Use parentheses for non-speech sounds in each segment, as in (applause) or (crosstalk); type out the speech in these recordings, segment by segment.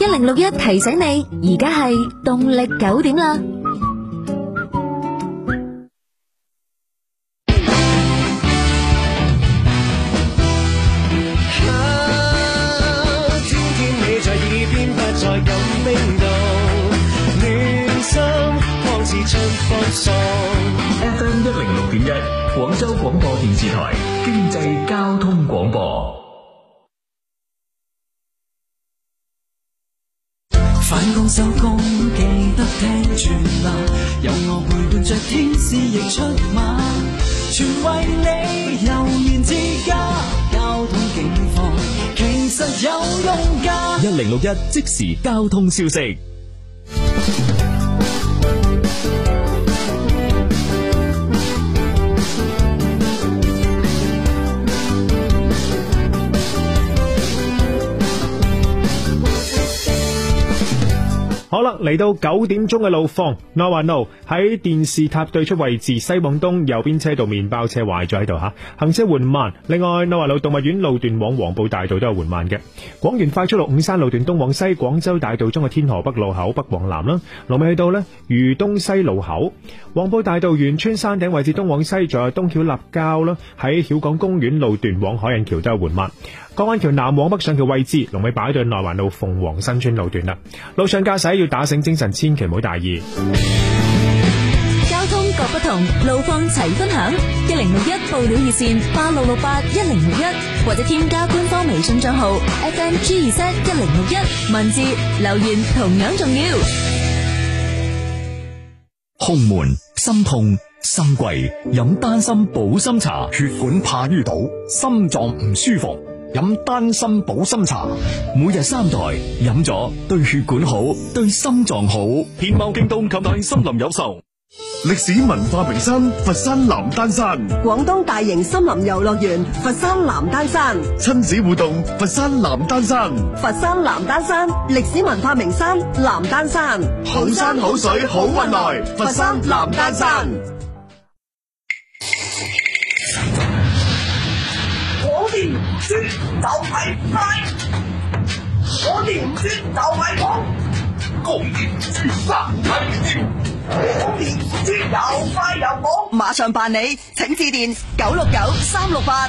一零六一提醒你，而家係動力九點啦。收工記得聽住喇，有我陪伴着天使亦出馬，全為你有緣之家。交通警方其實有用㗎。一零六一即時交通消息。 (laughs) 好啦，嚟到九點鐘嘅路況，諾華路喺電視塔對出位置，西往東右邊車道麵包車壞咗喺度吓，行車緩慢。另外，諾華路動物園路段往黃埔大道都係緩慢嘅。廣園快速路五山路段東往西，廣州大道中嘅天河北路口北往南啦。路尾去到呢，如東西路口，黃埔大道員村山頂位置東往西，仲有東曉立交啦。喺曉港公園路段往海印橋都係緩慢。過灣橋南往北上嘅位置，龍尾擺對內環路鳳凰新村路段啦。路上駕駛要打醒精神千，千祈唔好大意。交通各不同，路況齊分享。一零六一報料熱線八六六八一零六一，或者添加官方微信賬號 f m g 二七一零六一，文字留言同樣重要。胸悶、心痛、心悸，飲丹心補心茶，血管怕淤堵，心臟唔舒服。飲丹參補心茶，每日三袋，飲咗對血管好，對心臟好。天貓京東琴台森林有售，歷史文化名山佛山南丹山，廣東大型森林遊樂園佛山南丹山，親子互動佛山南丹山，佛山南丹山歷史文化名山南丹山，好山好水好運來，佛山南丹山。專就快快，我哋唔專就鬼慌，工業專線快專，工業專線又快又廣，馬上辦理，請致電九六九三六八。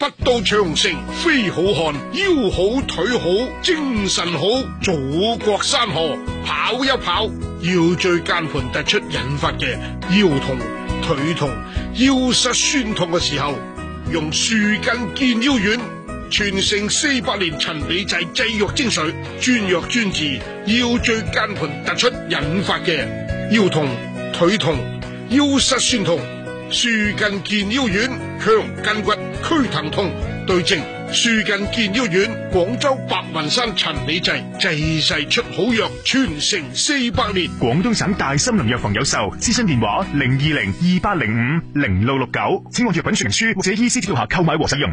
不到長城非好漢，腰好腿好精神好，祖國山河跑一跑。腰椎間盤突出引發嘅腰痛、腿痛、腰膝酸痛嘅時候，用樹根健腰丸，傳承四百年陳李濟製藥精髓，專藥專治腰椎間盤突出引發嘅腰痛、腿痛、腰膝酸痛。舒筋健腰丸，強筋骨，驅疼痛，對症。舒筋健腰丸，廣州白雲山陳李濟，濟世出好藥，傳承四百年。廣東省大森林藥房有售，諮詢電話零二零二八零五零六六九，69，請按藥品說明書或者醫師指導下購買和使用。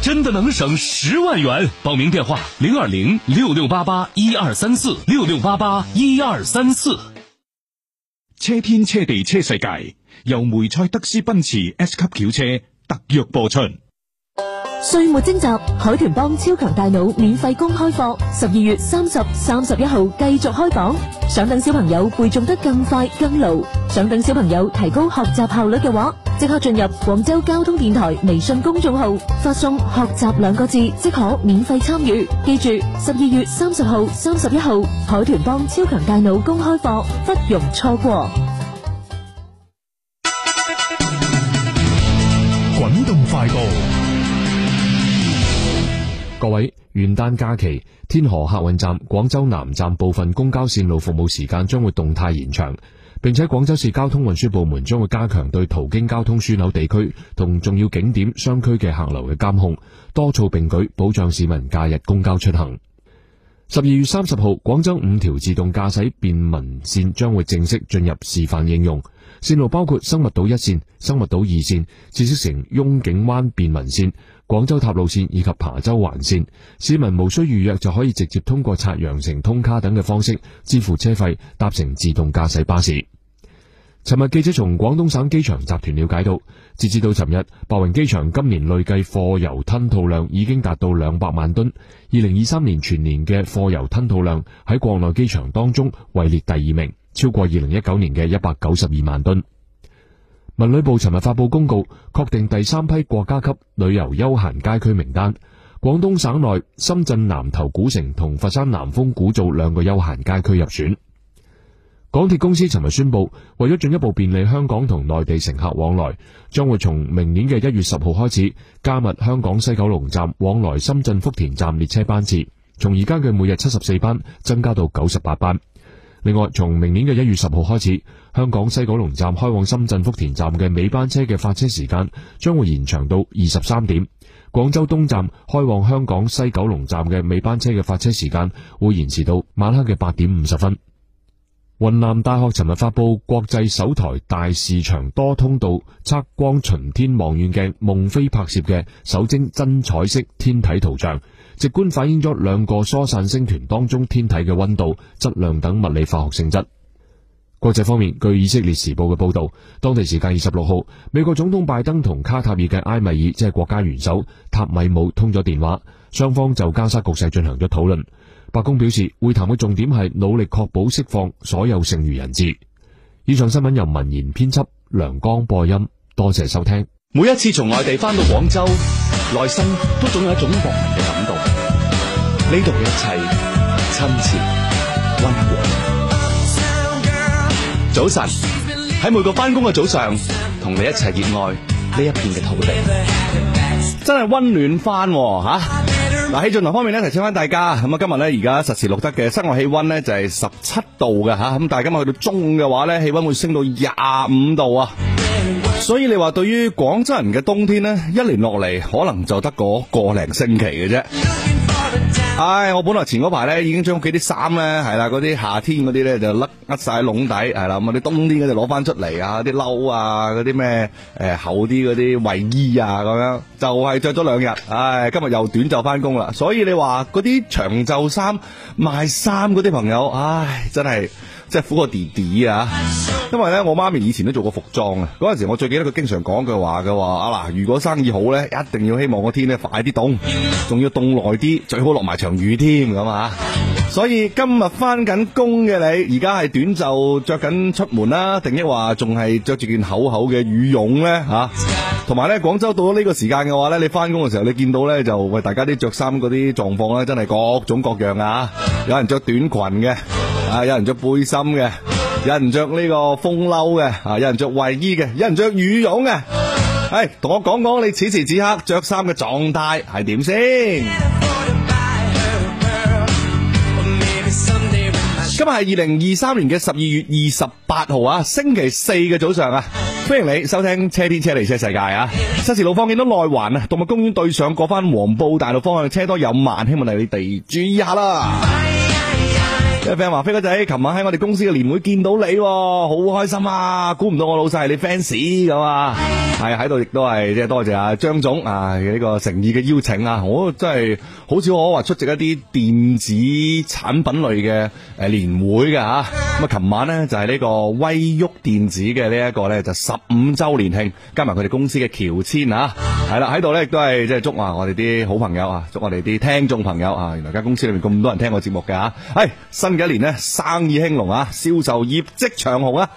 真的能省十萬元，報名電話零二零六六八八一二三四六六八八一二三四。34，車天車地車世界由梅賽德斯奔馳 S 級轎車，車特約播出。歲末徵集，海豚幫超強大腦免費公開課，十二月三十、三十一號繼續開講。想等小朋友背誦得更快更牢，想等小朋友提高學習效率嘅話。即刻進入廣州交通電台微信公眾號，發送“學習”兩個字，即可免費參與。記住，十二月三十號、三十一號，海豚幫超強大腦公開課，不容錯過。滾動快報：各位，元旦假期，天河客運站、廣州南站部分公交線路服務時間將會動態延長。並且廣州市交通運輸部門將會加強對途經交通樞紐地區同重要景點商區嘅客流嘅監控，多措並舉保障市民假日公交出行。十二月三十號，廣州五條自動駕駛便民線將會正式進入示範應用。線路包括生物島一線、生物島二線、知識城雍景灣便民線、廣州塔路線以及琶洲環線。市民無需預約就可以直接通過刷羊城通卡等嘅方式支付車費，搭乘自動駕駛巴士。尋日記者從廣東省機場集團了解到，截至到尋日，白雲機場今年累計貨郵吞吐量已經達到兩百萬噸。二零二三年全年嘅貨郵吞吐量喺國內機場當中位列第二名，超過二零一九年嘅一百九十二萬噸。文旅部尋日發布公告，確定第三批國家級旅遊休閒街區名單，廣東省內深圳南頭古城同佛山南風古灶兩個休閒街區入選。港鐵公司尋日宣布，為咗進一步便利香港同內地乘客往來，將會從明年嘅一月十號開始，加密香港西九龍站往來深圳福田站列車班次，從而家嘅每日七十四班增加到九十八班。另外，從明年嘅一月十號開始，香港西九龍站開往深圳福田站嘅尾班車嘅發車時間將會延長到二十三點。廣州東站開往香港西九龍站嘅尾班車嘅發車時間會延遲到晚黑嘅八點五十分。雲南大學尋日發布國際首台大視場多通道測光巡天望遠鏡夢飛拍攝嘅首幀真彩色天體圖像，直觀反映咗兩個疏散星團當中天體嘅溫度、質量等物理化學性質。國際方面，據以色列時報嘅報道，當地時間二十六號，美國總統拜登同卡塔爾嘅埃米爾即係國家元首塔米姆通咗電話，雙方就加沙局勢進行咗討論。白宮表示，會談嘅重點係努力確保釋放所有剩餘人質。以上新聞由文言編輯梁江播音，多謝收聽。每一次從外地翻到廣州，內心都總有一種莫名嘅感動。呢度嘅一切親切温和。早晨，喺每個翻工嘅早上，同你一齊熱愛呢一片嘅土地，真係温暖翻、啊、吓。啊嗱，喺氣象方面咧，提醒翻大家，咁啊，今日咧而家實時錄得嘅室外氣温咧就係十七度嘅吓，咁但係今日去到中午嘅話咧，氣温會升到廿五度啊，所以你話對於廣州人嘅冬天咧，一年落嚟可能就得個個零星期嘅啫。唉、哎，我本來前嗰排咧已經將屋企啲衫咧係啦，嗰啲夏天嗰啲咧就甩甩晒喺籠底，係啦，咁啊啲冬天嘅就攞翻出嚟啊，啲褸啊，嗰啲咩誒厚啲嗰啲衛衣啊，咁樣就係着咗兩日，唉、哎，今日又短袖翻工啦，所以你話嗰啲長袖衫賣衫嗰啲朋友，唉、哎，真係。即係苦個弟弟啊！因為咧，我媽咪以前都做過服裝啊。嗰陣時，我最記得佢經常講句話嘅話，啊嗱，如果生意好呢，一定要希望個天呢快啲凍，仲要凍耐啲，最好落埋場雨添咁啊！所以今日翻緊工嘅你，而家係短袖着緊出門啦，定抑或仲係着住件厚厚嘅羽絨呢？吓，同埋呢，廣州到咗呢個時間嘅話呢，你翻工嘅時候，你見到呢就喂，大家啲着衫嗰啲狀況呢，真係各種各樣啊！有人着短裙嘅。啊！有人着背心嘅，有人着呢個風褸嘅，啊，有人着衛衣嘅，有人着羽絨嘅，係、哎、同我講講你此時此刻着衫嘅狀態係點先？今日係二零二三年嘅十二月二十八號啊，星期四嘅早上啊，歡迎你收聽《車天車地車世界》啊！實時路況見到內環啊，動物公園對上過翻黃埔大道方向車多有慢，希望你哋注意下啦、啊。一 friend 話飛哥仔，琴晚喺我哋公司嘅年會見到你，哦，好開心啊！估唔到我老細係你 fans 咁啊，係喺度亦都係即係多謝啊張總啊嘅呢個誠意嘅邀請啊，哦，真我真係好少可話出席一啲電子產品類嘅誒年會嘅吓。咁啊，琴，哎、呀晚咧，就係、是、呢個威旭電子嘅呢一個咧，就十五週年慶，加埋佢哋公司嘅喬遷啊，係啦，喺度咧，亦都係即係祝啊我哋啲好朋友啊，祝我哋啲聽眾朋友啊，原來間公司裏面咁多人聽我節目嘅吓，係、啊哎、新。一年咧生意興隆啊，銷售業績長虹啊！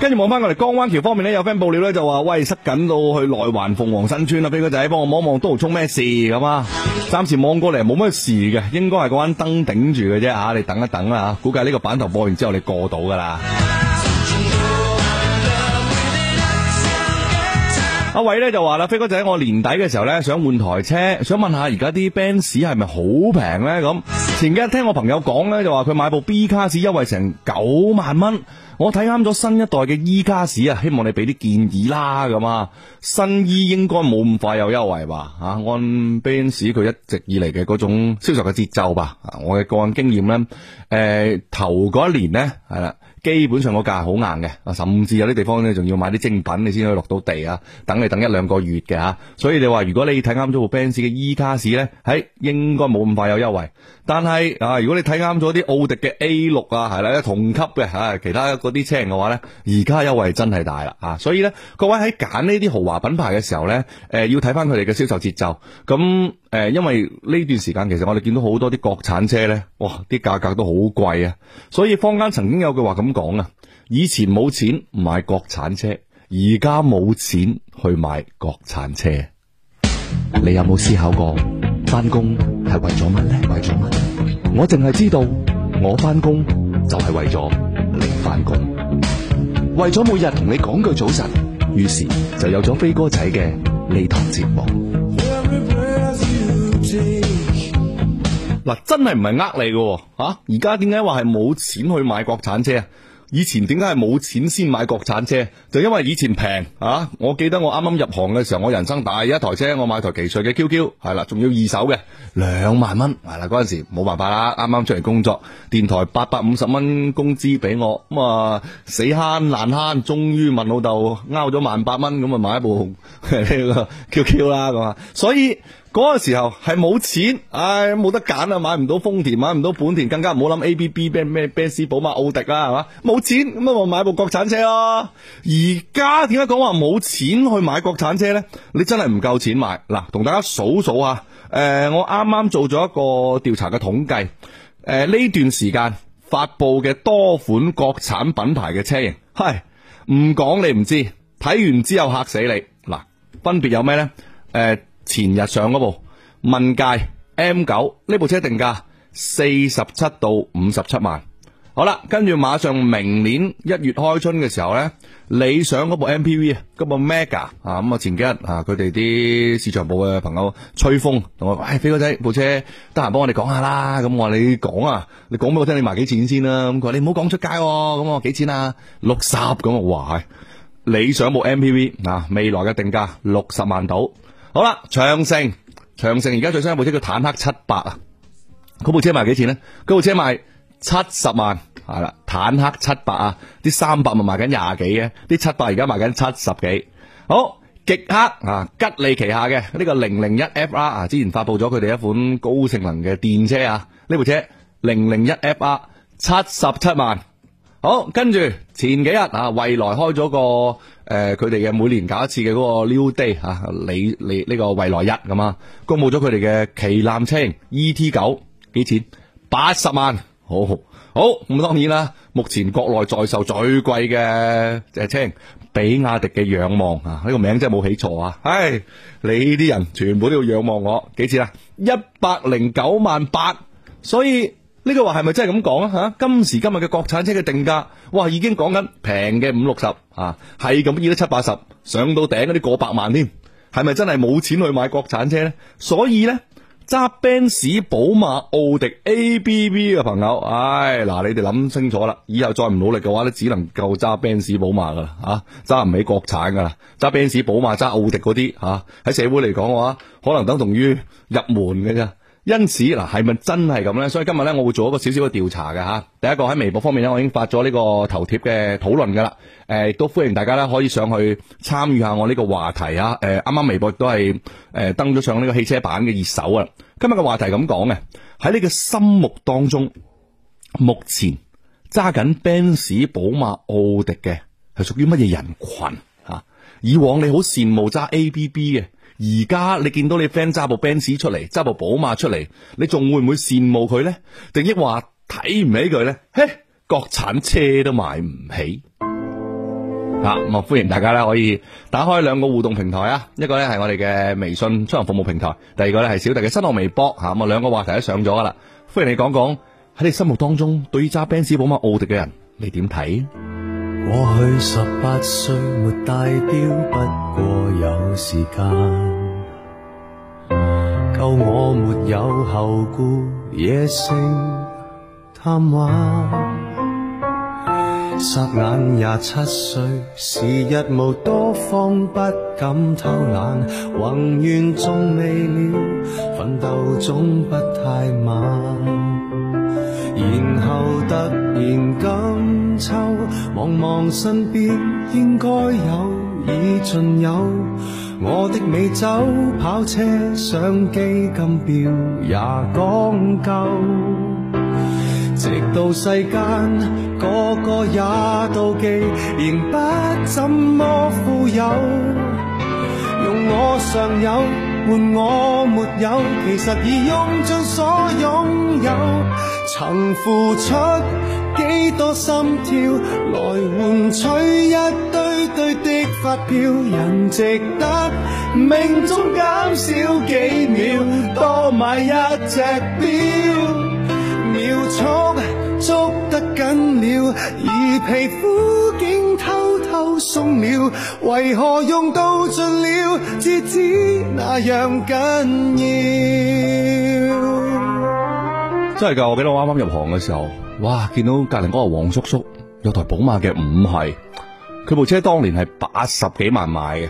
跟住望翻我哋江灣橋方面咧，有 friend 報料咧就話喂塞緊到去內環鳳凰新村啦，畀個仔幫我望望都冇冲咩事咁啊！暫時望過嚟冇咩事嘅，應該係嗰間燈頂住嘅啫吓，你等一等啦吓，估計呢個版頭播完之後你過到噶啦。一位咧就話啦，飛哥仔，我年底嘅時候咧想換台車，想問下而家啲 Benz 係咪好平咧？咁前幾日聽我朋友講咧，就話佢買部 B Class 優惠成九萬蚊。我睇啱咗新一代嘅 e 卡士啊，Class, 希望你俾啲建議啦咁啊，新衣、e、應該冇咁快有優惠吧？啊，按 Benz 佢一直以嚟嘅嗰種銷售嘅節奏吧。啊、我嘅個人經驗呢，誒頭嗰一年呢，係啦，基本上個價係好硬嘅、啊，甚至有啲地方咧仲要買啲精品你先可以落到地啊，等你等一兩個月嘅吓、啊。所以你話如果你睇啱咗部 Benz 嘅 e 卡士呢，喺、欸、應該冇咁快有優惠。但係啊，如果你睇啱咗啲奧迪嘅 A 六啊，係啦，同級嘅啊，其他嗰啲車型嘅話呢，而家優惠真係大啦啊！所以呢，各位喺揀呢啲豪華品牌嘅時候呢，誒、呃，要睇翻佢哋嘅銷售節奏。咁誒、呃，因為呢段時間其實我哋見到好多啲國產車呢，哇，啲價格都好貴啊！所以坊間曾經有句話咁講啊，以前冇錢買國產車，而家冇錢去買國產車，你有冇思考過？翻工係為咗乜咧？為咗乜？我淨係知道，我翻工就係為咗你翻工，為咗每日同你講句早晨。於是就有咗飛哥仔嘅呢堂節目。嗱、啊，真係唔係呃你嘅吓，而家點解話係冇錢去買國產車啊？以前點解係冇錢先買國產車？就是、因為以前平啊！我記得我啱啱入行嘅時候，我人生第一台車，我買台奇瑞嘅 QQ，係啦，仲要二手嘅，兩萬蚊。係啦，嗰陣時冇辦法啦，啱啱出嚟工作，電台八百五十蚊工資俾我，咁啊死慳爛慳，終於問老豆摳咗萬八蚊，咁啊買一部 QQ (laughs) 啦咁啊，所以。嗰個時候係冇錢，唉，冇得揀啊，買唔到豐田，買唔到本田，更加唔好諗 A B B 咩咩奔馳、寶馬、奧迪啦，係嘛，冇錢咁啊，我買部國產車咯。而家點解講話冇錢去買國產車呢？你真係唔夠錢買。嗱，同大家數數下。誒、呃，我啱啱做咗一個調查嘅統計。誒、呃，呢段時間發佈嘅多款國產品牌嘅車型，係唔講你唔知，睇完之後吓死你。嗱，分別有咩呢？誒、呃。前日上嗰部問界 M 九呢部車定價四十七到五十七萬，好啦，跟住馬上明年一月開春嘅時候咧，理想嗰部 M P V 啊，嗰部 Mega 啊咁啊前幾日啊佢哋啲市場部嘅朋友吹風，同我話，哎飛哥仔部車得閒幫我哋講下啦，咁我話你講啊，你講俾我聽你賣幾錢先啦？咁佢話你唔好講出街，咁我幾錢啊？六十咁啊，哇係理想部 M P V 啊，未來嘅定價六十萬到。好啦，長城，長城而家最新一部車叫坦克七百啊，嗰部車賣幾錢呢？嗰部車賣七十萬，係啦，坦克七百啊，啲三百咪賣緊廿幾嘅，啲七百而家賣緊七十幾。好，極氪啊，吉利旗下嘅呢、這個零零一 FR 啊，之前發布咗佢哋一款高性能嘅電車啊，呢部車零零一 FR 七十七萬。好，跟住前幾日啊，蔚來開咗個誒，佢哋嘅每年搞一次嘅嗰個 New Day 吓、啊，你你呢、這個蔚來日咁啊，公布咗佢哋嘅旗艦車型 ET9 幾錢？八十萬，好好咁啊！當然啦，目前國內在售最貴嘅誒車型，比亞迪嘅仰望啊，呢、這個名真係冇起錯啊！唉、哎，你啲人全部都要仰望我，幾錢啊？一百零九萬八，所以。呢個話，係咪真係咁講啊？吓，今時今日嘅國產車嘅定價，哇，已經講緊平嘅五六十，吓係咁而都七八十，7, 80, 上到頂嗰啲過百萬添，係、啊、咪真係冇錢去買國產車咧？所以呢，揸奔馳、寶馬、奧迪、ABB 嘅朋友，唉、哎，嗱，你哋諗清楚啦，以後再唔努力嘅話，呢只能夠揸奔馳、寶馬噶啦，吓揸唔起國產噶啦，揸奔馳、寶馬、揸奧迪嗰啲，吓、啊、喺社會嚟講嘅話，可能等同於入門嘅啫。因此，嗱係咪真係咁咧？所以今日咧，我會做一個小小嘅調查嘅吓。第一個喺微博方面咧，我已經發咗呢個頭貼嘅討論噶啦。誒，亦都歡迎大家咧可以上去參與下我呢個話題啊。誒，啱啱微博亦都係誒登咗上呢個汽車版嘅熱搜啊。今日嘅話題咁講嘅，喺你嘅心目當中，目前揸緊奔馳、寶馬、奧迪嘅係屬於乜嘢人群啊？以往你好羨慕揸 ABB 嘅。而家你見到你 friend 揸部奔馳出嚟，揸部寶馬出嚟，你仲會唔會羨慕佢呢？定抑或睇唔起佢呢？嘿，國產車都買唔起。啊，咁、嗯、啊歡迎大家咧可以打開兩個互動平台啊，一個咧係我哋嘅微信出行服務平台，第二個咧係小弟嘅新浪微博。吓、啊，咁啊兩個話題都上咗噶啦。歡迎你講講喺你心目當中對於揸奔馳、寶馬、奧迪嘅人，你點睇？過去十八歲沒大表，不過有時間。夠我沒有後顧，野性貪玩。霎眼廿七歲，時日無多方，方不敢偷懶。宏願縱未了，奮鬥總不太晚。然後突然今秋，望望身邊應該有，已盡有。我的美酒、跑車、相機、金錶也講究，直到世間個個也妒忌，仍不怎麼富有。用我尚有換我沒有，其實已用盡所擁有，曾付出幾多心跳來換取一堆堆的。發票人值得命中減少幾秒，多買一隻表，秒速捉得緊了，而皮膚竟偷偷鬆了，為何用到盡了，才知，知那樣緊要。真係噶，我記得我啱啱入行嘅時候，哇，見到隔籬嗰個黃叔叔有台寶馬嘅五系。佢部車當年係八十幾萬買嘅，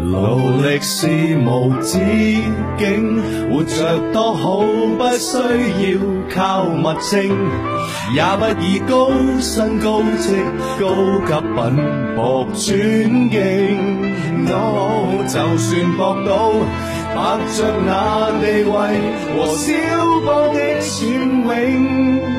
努力是無止境，活着多好，不不需要靠物證，也不以高薪、高職、高級品博尊敬、哦、就算博到伯爵那地位和蕭邦的雋永。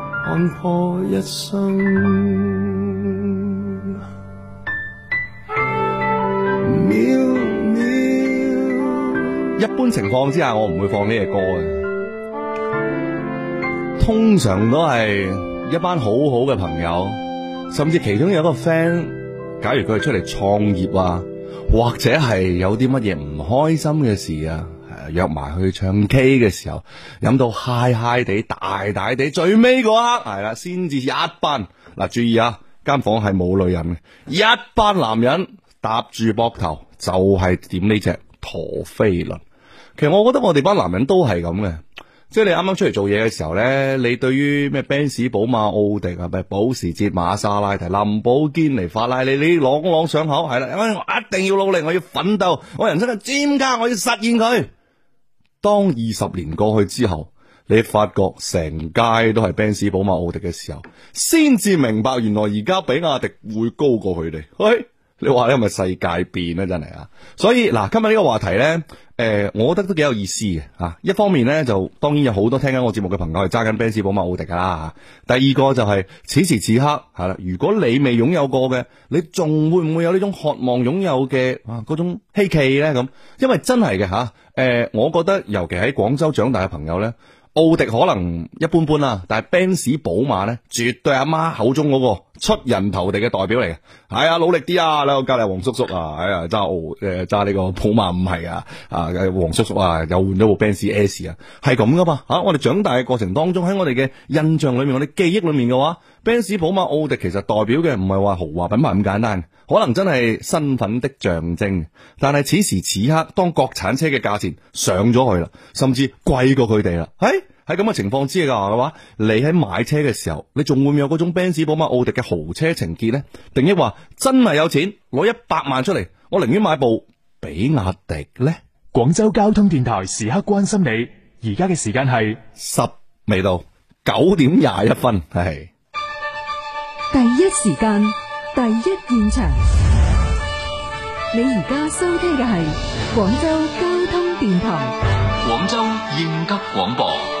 看破一生喵喵，一般情況之下，我唔會放呢隻歌嘅。通常都係一班好好嘅朋友，甚至其中有一個 friend，假如佢係出嚟創業啊，或者係有啲乜嘢唔開心嘅事啊。約埋去唱 K 嘅時候，飲到嗨嗨地、大大地，最尾嗰刻係啦，先至一班。嗱、啊，注意啊，間房係冇女人嘅，一班男人搭住膊頭就係點呢隻陀飛輪。其實我覺得我哋班男人都係咁嘅，即係你啱啱出嚟做嘢嘅時候咧，你對於咩奔馳、寶馬、奧迪係咪保時捷、瑪莎拉蒂、林寶堅尼、法拉利，你朗朗上口係啦，因為我一定要努力，我要奮鬥，我人生嘅尖卡，我要實現佢。當二十年過去之後，你發覺成街都係奔馳、寶馬、奧迪嘅時候，先至明白原來而家比亞迪會高過佢哋。哎你話咧係咪世界變咧真係啊？所以嗱，今日呢個話題呢，誒、呃，我覺得都幾有意思嘅吓、啊。一方面呢，就當然有好多聽緊我節目嘅朋友係揸緊 Benz、寶馬、奧迪噶啦吓。第二個就係、是、此時此刻，係、啊、啦，如果你未擁有過嘅，你仲會唔會有呢種渴望擁有嘅啊嗰種稀奇呢？咁？因為真係嘅吓，誒、啊呃，我覺得尤其喺廣州長大嘅朋友呢。奧迪可能一般般啦，但係奔馳、寶馬咧，絕對係阿媽口中嗰、那個出人頭地嘅代表嚟嘅。係、哎、啊，努力啲啊，你個隔籬黃叔叔啊，哎呀揸奧誒揸呢個寶馬五係啊，啊黃叔叔啊又換咗部奔馳 S 啊，係咁噶嘛，吓。我哋長大嘅過程當中，喺我哋嘅印象裏面，我哋記憶裏面嘅話。奔馳、寶馬、奧迪其實代表嘅唔係話豪華品牌咁簡單，可能真係身份的象徵。但係此時此刻，當國產車嘅價錢上咗去啦，甚至貴過佢哋啦，喺喺咁嘅情況之下嘅話，你喺買車嘅時候，你仲會，會有嗰種奔馳、寶馬、奧迪嘅豪車情結呢？定抑話真係有錢攞一百萬出嚟，我寧願買部比亞迪呢？廣州交通電台時刻關心你，而家嘅時間係十未到九點廿一分係。第一時間，第一現場，你而家收聽嘅係廣州交通電台，廣州應急廣播。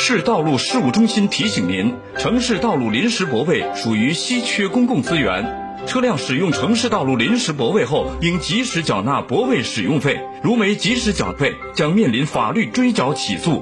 市道路事務中心提醒您：城市道路臨時泊位屬於稀缺公共資源，車輛使用城市道路臨時泊位後，應及時繳納泊位使用費。如沒及時繳費，將面臨法律追繳起訴。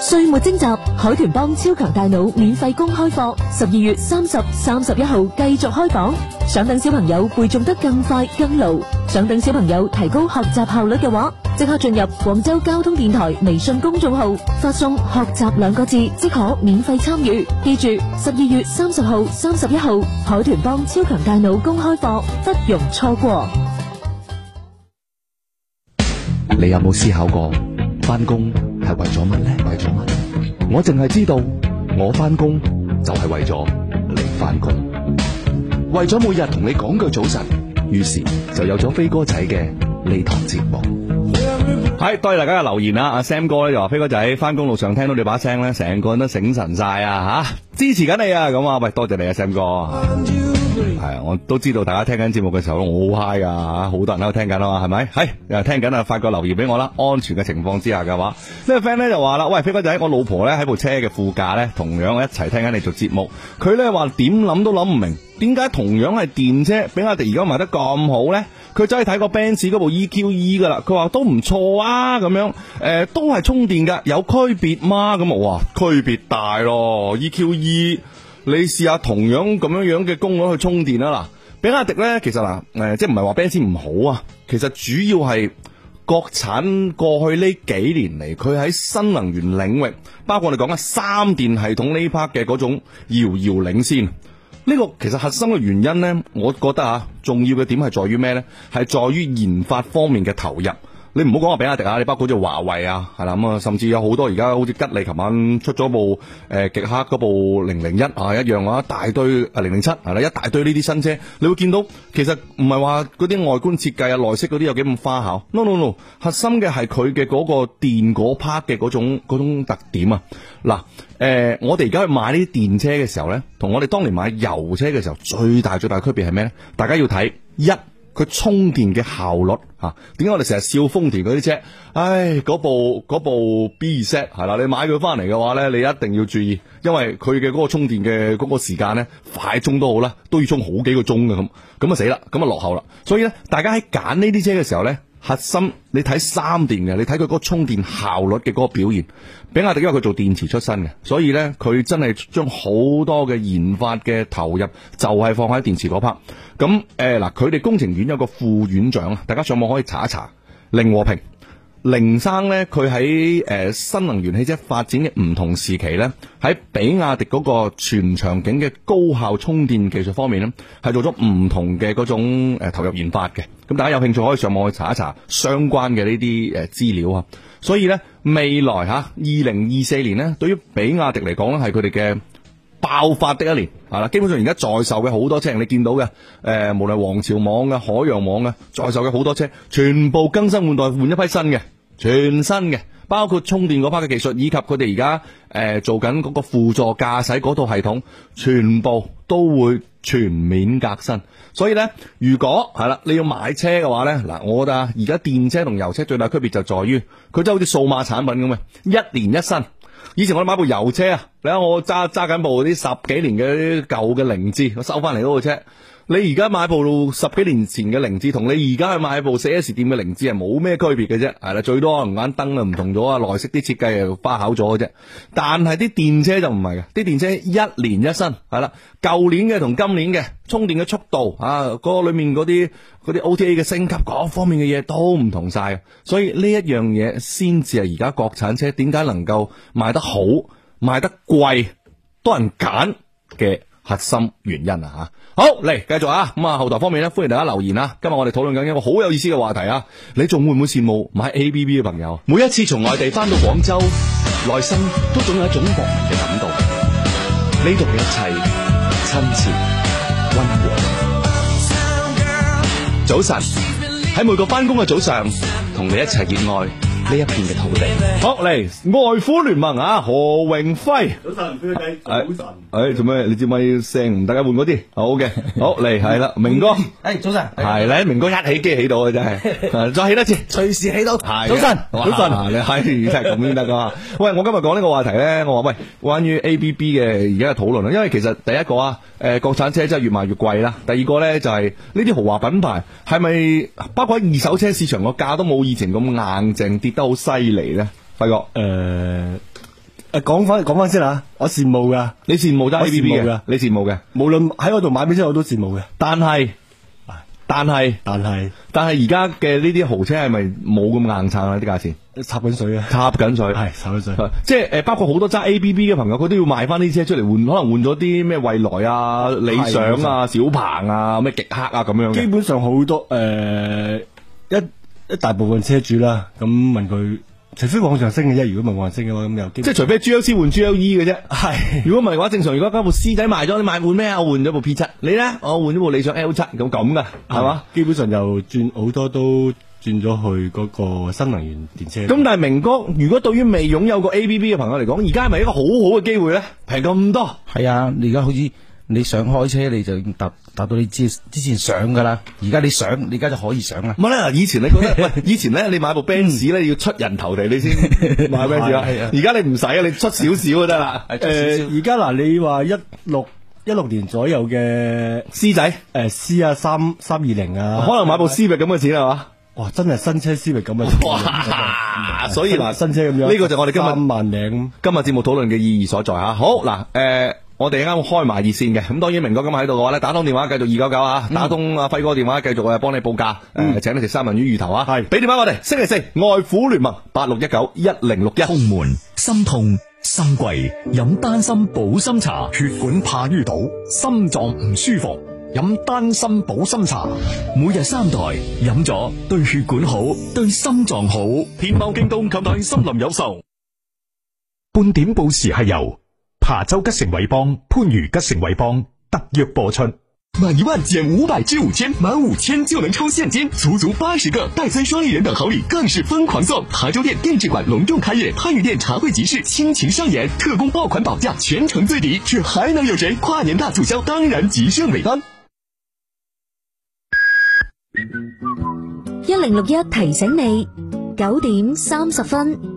歲末徵集，海豚幫超強大腦免費公開課，十二月三十、三十一號繼續開講。想等小朋友背誦得更快更牢，想等小朋友提高學習效率嘅話。即刻進入廣州交通電台微信公眾號，發送“學習”兩個字即可免費參與。記住，十二月三十號、三十一號，海豚幫超強大腦公開課，不容錯過。你有冇思考過，翻工係為咗乜呢？為咗乜？ (music) 我淨係知道，我翻工就係為咗你翻工， (music) 為咗每日同你講句早晨。於是就有咗飛哥仔嘅呢堂節目。係多謝大家嘅留言啦，阿 Sam 哥咧又話飛哥就喺翻工路上聽到你把聲咧，成個人都醒神晒啊吓，支持緊你啊咁啊，喂，多謝你啊 Sam 哥。係啊、 (noise) 嗯，我都知道大家聽緊節目嘅時候，我好 high 噶，好多人喺度聽緊啊，係咪？係又聽緊啊，發個留言俾我啦。安全嘅情況之下嘅話，呢、這個 friend 咧，就話啦，喂，飛哥仔，我老婆咧喺部車嘅副駕咧，同樣一齊聽緊你做節目。佢咧話點諗都諗唔明，點解同樣係電車，比亞迪而家賣得咁好咧？佢走去睇過奔馳嗰部 EQE 噶啦，佢話都唔錯啊，咁樣誒、嗯，都係充電噶，有區別嗎？咁我話區別大咯，EQE。E 你試下同樣咁樣樣嘅功率去充電啦，嗱，比亞迪咧，其實嗱，誒、呃，即係唔係話 Benz 唔好啊？其實主要係國產過去呢幾年嚟，佢喺新能源領域，包括我哋講緊三電系統呢 part 嘅嗰種遙遙領先。呢、這個其實核心嘅原因咧，我覺得嚇、啊、重要嘅點係在於咩咧？係在於研發方面嘅投入。你唔好講話比亞迪啊，你包括隻華為啊，係啦咁啊，甚至有好多而家好似吉利，琴晚出咗部誒極氪嗰部零零一啊，一樣啊，一大堆啊零零七係啦，一大堆呢啲新車，你會見到其實唔係話嗰啲外觀設計啊、內飾嗰啲有幾咁花巧，no no no，核心嘅係佢嘅嗰個電嗰 part 嘅嗰種嗰種特點啊。嗱，誒，我哋而家去買呢啲電車嘅時候咧，同我哋當年買油車嘅時候最大最大嘅區別係咩咧？大家要睇一。.佢充電嘅效率嚇，啊，點解我哋成日笑豐田嗰啲車？唉，嗰部嗰部 BZ 係啦，你買佢返嚟嘅話咧，你一定要注意，因為佢嘅嗰個充電嘅嗰個時間咧，快充都好啦，都要充好幾個鐘嘅咁，咁咪死啦，咁咪落後啦。所以咧，大家喺揀呢啲車嘅時候咧，核心你睇三電嘅，你睇佢嗰個充電效率嘅嗰個表現。比亞迪因為佢做電池出身嘅，所以呢，佢真係將好多嘅研發嘅投入就係放喺電池嗰 part。咁誒嗱，佢哋工程院有個副院長啊，大家上網可以查一查。凌和平，凌生呢，佢喺誒新能源汽車發展嘅唔同時期呢，喺比亞迪嗰個全場景嘅高效充電技術方面呢，係做咗唔同嘅嗰種誒投入研發嘅。咁大家有興趣可以上網去查一查相關嘅呢啲誒資料啊。所以呢，未來吓二零二四年呢，對於比亞迪嚟講咧，係佢哋嘅爆發的一年，係啦。基本上而家在，在售嘅好多車，你見到嘅，誒、呃，無論王朝網嘅、啊、海洋網嘅、啊，在售嘅好多車，全部更新換代，換一批新嘅，全新嘅，包括充電嗰批嘅技術，以及佢哋而家誒做緊嗰個輔助駕駛嗰套系統，全部都會。全面革新，所以咧，如果係啦，你要買車嘅話咧，嗱，我覺得而家電車同油車最大區別就在於，佢真係好似數碼產品咁嘅，一年一新。以前我哋買部油車啊，你睇我揸揸緊部啲十幾年嘅啲舊嘅靈芝，我收翻嚟嗰部車。你而家買部路，十幾年前嘅凌志，同你而家去買部四 S 店嘅凌志係冇咩區別嘅啫，係啦，最多可能盞燈啊唔同咗啊，內飾啲設計又花巧咗嘅啫。但係啲電車就唔係嘅，啲電車一年一新，係啦，舊年嘅同今年嘅充電嘅速度啊，個裏面嗰啲嗰啲 OTA 嘅升級，各方面嘅嘢都唔同晒。所以呢一樣嘢先至係而家國產車點解能夠賣得好、賣得貴、多人揀嘅。核心原因啊吓，好嚟繼續啊，咁啊後台方面咧，歡迎大家留言啦。今日我哋討論緊一個好有意思嘅話題啊，你仲會唔會羨慕買 ABB 嘅朋友？每一次從外地翻到廣州，內心都總有一種莫名嘅感動。呢度嘅一切親切溫和。早晨喺每個返工嘅早上，同你一齊熱愛。呢一片嘅土地，好嚟外呼聯盟啊何榮輝早晨。早晨，哎做咩？你支咪聲唔得嘅，換嗰啲，好嘅，好嚟係啦，明哥，哎早晨，係咧，明哥一起機起到嘅真係，再起多次，隨時起到，係早晨，早晨，你係真係咁先得噶嘛？喂，我今日講呢個話題咧，我話喂，關於 A B B 嘅而家嘅討論啦，因為其實第一個啊，誒國產車真係越賣越貴啦，第二個咧就係呢啲豪華品牌係咪包括二手車市場個價都冇以前咁硬淨啲？得好犀利咧，發覺。誒，誒，講翻講翻先啦，我羨慕噶，你羨慕揸 A B B 嘅，你羨慕嘅，無論喺我度買咩車我都羨慕嘅。但係，但係，但係，但係，而家嘅呢啲豪車係咪冇咁硬撐啊？啲價錢插緊水啊，插緊水，係插緊水。即係誒，包括好多揸 A B B 嘅朋友，佢都要賣翻啲車出嚟換，可能換咗啲咩蔚來啊、理想啊、小鵬啊、咩極客啊咁樣。基本上好多誒一。一大部分車主啦，咁問佢，除非往上升嘅啫。如果問往上升嘅話，咁又即係除非 G L C 換 G L E 嘅啫。係是，如果唔係嘅話，正常如果交部 C 仔賣咗，你買換咩啊？我換咗部 P 七，你咧？我換咗部理想 L 七，咁咁噶，係嘛，嗯？基本上又轉好多都轉咗去嗰個新能源電車。咁但係明哥，如果對於未擁有過 A B B 嘅朋友嚟講，而家係咪一個好好嘅機會咧？平咁多，係啊！你而家好似你想開車，你就已經搭。達到你之之前想噶啦，而家你想，你而家就可以上啦。冇係咧，以前你覺得喂， (laughs) 以前咧你買部 b n 馳咧要出人頭地你先，係咩事啊？而家你唔使啊，你出少少就得啦。誒， (laughs) 而家嗱，你話一六一六年左右嘅 C 仔，誒、呃、C 啊三三二零啊，可能買部 C V 咁嘅錢係嘛？哇，真係新車 C V 咁嘅，哇！嗯、所以嗱，新車咁樣，呢個就我哋今日萬名，今日節目討論嘅意義所在吓。好嗱，誒。呃我哋啱啱開埋熱線嘅，咁當然明哥今日喺度嘅話咧，打通電話繼續二九九啊，打通阿輝哥電話繼續幫你報價，誒、嗯呃，請你食三文魚魚頭啊，係俾是電話我哋。星期四外虎聯盟八六一九一零六一，胸悶心痛心悸，飲丹參保心茶，血管怕淤堵，心臟唔舒服，飲丹參保心茶，每日三袋。飲咗對血管好，對心臟好。天貓、京東、購大森林有售，半點報時係由。琶洲吉盛偉邦、番禺吉盛偉邦特約播出，滿一萬減五百至五千，滿五千就能抽現金，足足八十個戴森雙立人等好禮，更是瘋狂送！琶洲店定製館隆重開業，番禺店茶會集市傾情上演，特供爆款保價，全城最低，卻還能有誰？跨年大促銷，當然吉盛偉邦。一零六一提醒你，九點三十分。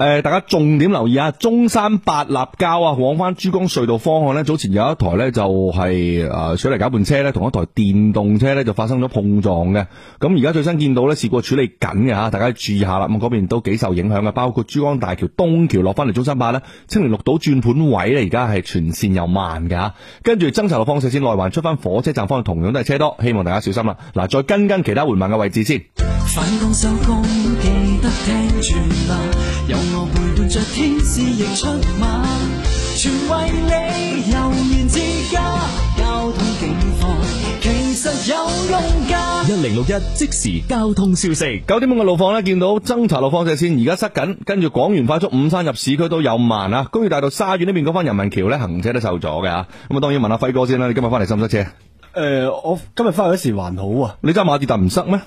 誒、呃，大家重點留意下中山八立交啊，往翻珠江隧道方向呢，早前有一台呢、就是，就係誒水泥攪拌車呢，同一台電動車呢，就發生咗碰撞嘅。咁而家最新見到呢，事故處理緊嘅吓，大家注意下啦。咁嗰邊都幾受影響嘅，包括珠江大橋東橋落翻嚟中山八呢，青年綠島轉盤位呢，而家係全線又慢嘅吓。跟住增槎路放射線內環出翻火車站方向，同樣都係車多，希望大家小心啦。嗱，再跟跟其他緩慢嘅位置先。返工收工，記得聽傳令。有我陪伴，着天使亦出馬，全為你悠然之家交通警方其實有用噶。一零六一即時交通消息。九點半嘅路況呢，見到增槎路放射線而家塞緊，跟住廣園快速五山入市區都有慢啊。工業大道沙園呢邊嗰班人民橋呢，行車都受阻嘅，咁啊，當然問，問下輝哥先啦，你今日翻嚟塞唔塞車？誒、呃，我今日翻去一時還好啊。你揸馬自達唔塞咩？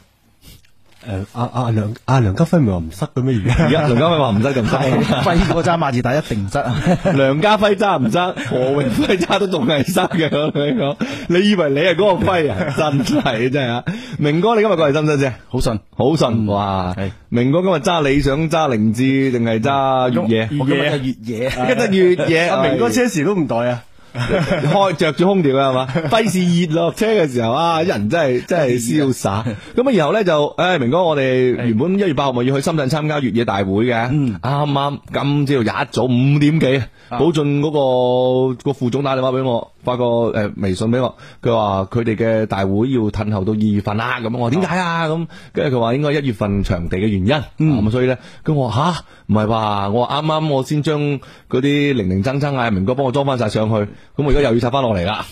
誒，阿阿梁阿梁家輝咪話唔執嘅咩？而家梁家輝話唔執咁執輝，我揸馬自達一定唔執啊！梁家輝揸唔執，何永輝揸都仲係執嘅。我同你講，你以為你係嗰個輝啊？真係真係啊！明哥，你今日過嚟得唔得先？好順，好順哇！明哥今日揸理想，揸凌志定係揸越野？越野越野，一得越野。阿明哥車匙都唔袋啊！ (laughs) 開着住空調啊係嘛，費事熱落車嘅時候啊，人真係真係瀟灑。咁啊、嗯，然後咧就，誒、哎、明哥，我哋原本一月八號咪要去深圳參加越野大會嘅，啱啱今朝一早五點幾，寶駿嗰個、那個副總打電話俾我，發個誒微信俾我，佢話佢哋嘅大會要褪後到二月份啦。咁我點解啊？咁，跟住佢話應該一月份場地嘅原因。咁、嗯嗯、所以咧，跟住我吓。啊唔係吧？我啱啱我先將嗰啲零零爭爭啊，明哥幫我裝翻晒上去，咁我而家又要拆翻落嚟啦。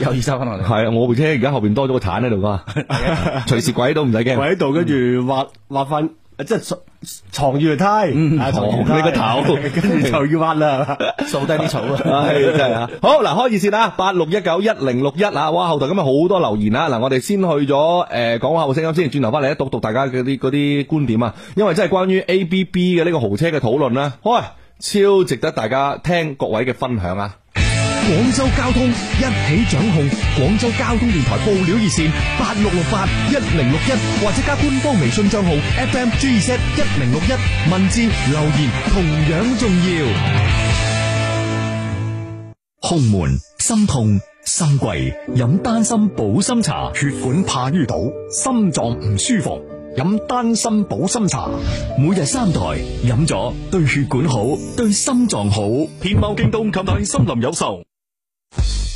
又要拆翻落嚟。係啊， (laughs) (laughs) 我部車而家後邊多咗個鏟喺度啊，隨時鬼都唔使驚。鬼喺度，跟住挖挖翻。即係藏住條胎，藏住你個頭，跟住 (laughs) 就要挖啦，掃低啲草啊， (laughs) 真係啊！好嗱，開熱線啊，八六一九一零六一啊，哇！後台今日好多留言啊！嗱，我哋先去咗誒講下後聲，先，轉頭翻嚟讀讀大家啲嗰啲觀點啊，因為真係關於 A B B 嘅呢個豪車嘅討論咧，哇，超值得大家聽各位嘅分享啊！廣州交通一起掌控，廣州交通電台報料熱線八六六八一零六一，8 8 61, 或者加官方微信賬號 FM G 二七一零六一，61, 文字留言同樣重要。胸悶心痛心悸，飲丹參保心茶，血管怕淤堵，心臟唔舒服，飲丹參保心茶。每日三台，飲咗對血管好，對心臟好。天貓京東及大森林有售。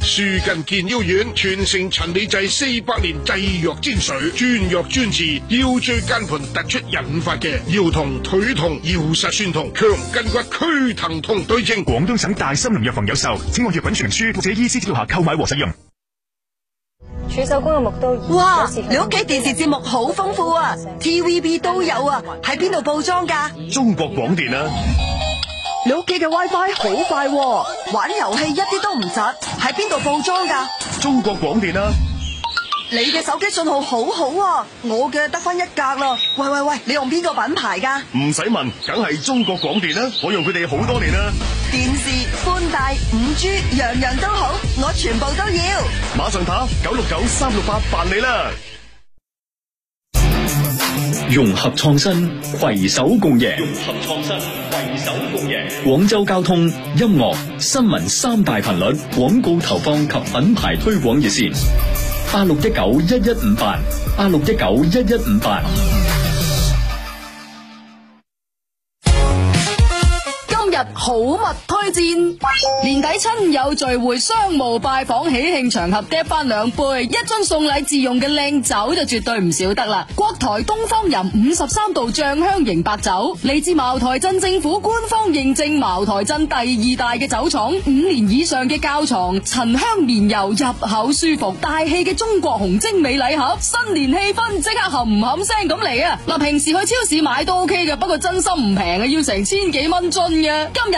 舒筋健腰丸，傳承陳李濟四百年製藥精髓，專藥專治腰椎間盤突出引發嘅腰痛、腿痛、腰膝痠痛、強筋骨驅、屈疼痛。對症。廣東省大森林藥房有售，請按藥品說明書或者醫師指導下購買和使用。楚手公嘅木刀。哇，你屋企電視節目好豐富啊，TVB 都有啊，喺邊度報裝噶？中國廣電啊。你屋企嘅 WiFi 好快，哦，玩遊戲一啲都唔窒，喺邊度報裝噶？中國廣電啊！你嘅手機信號好好，啊，我嘅得翻一格咯。喂喂喂，你用邊個品牌噶？唔使問，梗係中國廣電啦，啊，我用佢哋好多年啦。電視、寬帶、五 G，樣樣都好，我全部都要。馬上打九六九三六八辦理啦。融合創新，携手共贏。融合創新，携手共贏。廣州交通音樂新聞三大頻率廣告投放及品牌推廣熱線：八六一九一一五八，八六一九一一五八。好物推薦，年底親友聚會、商務拜訪、喜慶場合，嗒翻兩杯，一樽送禮自用嘅靚酒就絕對唔少得啦。國台東方人五十三度醬香型白酒，嚟自茅台鎮政府官方認證茅台鎮第二大嘅酒廠，五年以上嘅窖藏，陳香綿柔，入口舒服，大氣嘅中國紅精美禮盒，新年氣氛即刻冚冚聲咁嚟啊！嗱，平時去超市買都 OK 嘅，不過真心唔平啊，要成千幾蚊樽嘅，今日。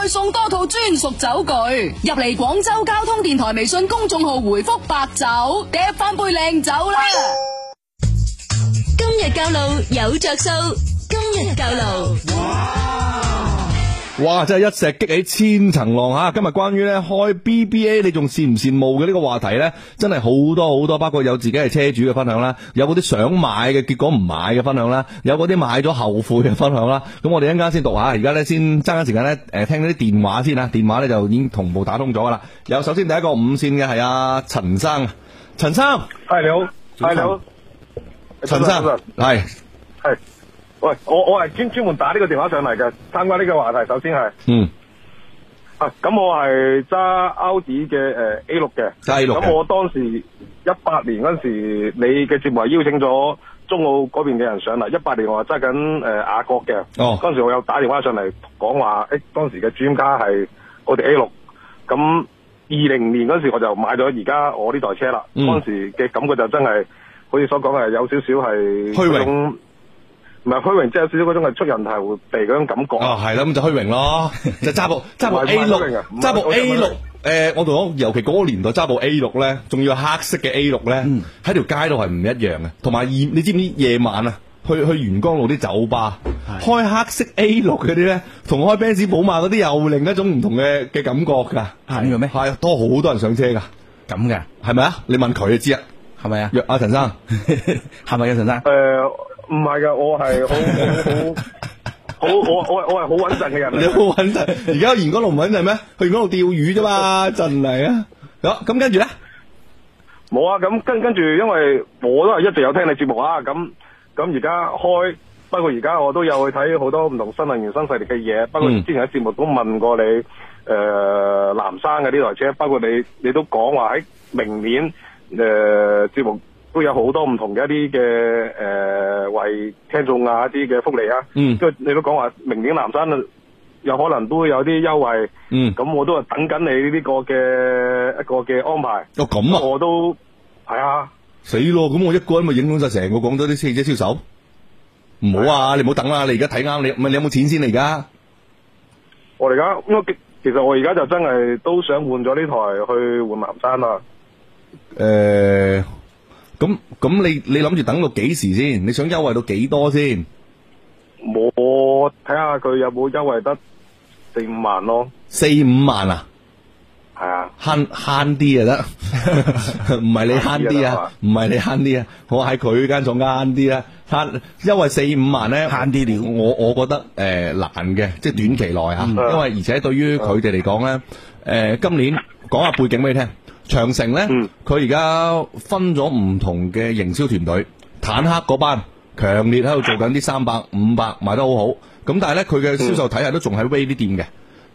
再送多套專屬酒具，入嚟廣州交通電台微信公眾號回覆白酒，揼翻杯靚酒啦！今日教路有着數，今日教路。哇。哇！真係一石激起千層浪吓、啊，今日關於咧開 BBA 你仲羨唔羨慕嘅呢個話題咧，真係好多好多，包括有自己係車主嘅分享啦，有嗰啲想買嘅結果唔買嘅分享啦，有嗰啲買咗後悔嘅分享啦。咁、啊、我哋一陣間先讀下，而家咧先爭緊時間咧，誒、呃，聽啲電話先啊，電話咧就已經同步打通咗噶啦。有首先第一個五線嘅係阿陳生，陳生，係你好，係你好，陳 hi, 生，係 hi,，係 sir.。喂，我我係專專門打呢個電話上嚟嘅，參加呢個話題。首先係嗯啊，咁、嗯、我係揸歐子嘅誒 A 六嘅。咁我當時一八年嗰時，你嘅節目係邀請咗中澳嗰邊嘅人上嚟。一八年我係揸緊誒雅閣嘅。呃、哦，當時我有打電話上嚟講話，誒、欸，當時嘅專家係我哋 A 六。咁二零年嗰時，我就買咗而家我呢台車啦。嗯、當時嘅感覺就真係，好似所講嘅，有少少係。唔係虛榮，即係、就是、有少少嗰種係出人頭地嗰種感覺啊！係啦、哦，咁就虛榮咯，就揸部揸部 A 六，揸部 A 六。誒，我同你講，尤其嗰個年代揸部 A 六咧，仲要黑色嘅 A 六咧，喺條、嗯、街度係唔一樣嘅。同埋你知唔知夜晚啊？去去沿江路啲酒吧的開黑色 A 六嗰啲咧，同開 Benz 寶馬嗰啲又另一種唔同嘅嘅感覺噶。係咁咩？係多好多人上車噶。咁嘅係咪啊？你問佢就知是是啊，係咪啊？阿陳生係咪啊？陳 (laughs) 生誒。呃唔係噶，我係好好好好我我我係好穩陣嘅人。你好穩陣，而家沿江路唔穩陣咩？去嗰度釣魚啫嘛，真係啊！好，咁跟住咧，冇啊！咁跟跟住，因為我都係一直有聽你節目啊。咁咁而家開，不過而家我都有去睇好多唔同新能源新勢力嘅嘢。不過之前喺節目都問過你，誒，南山嘅呢台車，包括你，你都講話喺明年誒節目。都有好多唔同嘅一啲嘅誒，為聽眾啊一啲嘅福利啊，嗯，即係你都講話明年南山有可能都會有啲優惠，嗯，咁我都係等緊你呢個嘅一個嘅安排。咁、哦、啊，我都係啊，死咯！咁我一個人咪影響晒成個廣州啲汽車銷售，唔好的啊！你唔好等啦、啊，你而家睇啱你，唔係你有冇錢先你而家？我而家因為其實我而家就真係都想換咗呢台去換南山啦，誒、呃。咁咁，你你諗住等到幾時先？你想優惠到幾多先？我睇下佢有冇優惠得四五萬咯。四五萬啊？係啊。慳慳啲啊得，唔係你慳啲啊，唔係你慳啲啊，我喺佢間仲慳啲咧。慳優惠四五萬咧，慳啲料。我我覺得誒難嘅，即係短期內吓，因為而且對於佢哋嚟講咧，誒今年講下背景俾你聽。長城咧，佢而家分咗唔同嘅營銷團隊，坦克嗰班強烈喺度做緊啲三百五百賣得好好，咁但係咧，佢嘅銷售體系都仲喺 V 啲店嘅。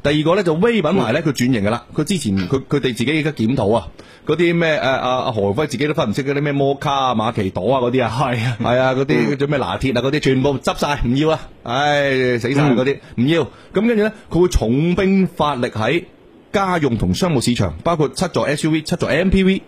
第二個咧就 V 品牌咧，佢轉型噶啦，佢之前佢佢哋自己而家檢討啊，嗰啲咩誒阿阿何輝自己都分唔識嗰啲咩摩卡啊馬奇朵啊嗰啲啊，係啊係、嗯、啊嗰啲做咩拿鐵啊嗰啲全部執晒唔要啊，唉死晒嗰啲唔要，咁跟住咧佢會重兵發力喺。家用同商務市場，包括七座 SUV、七座 MPV，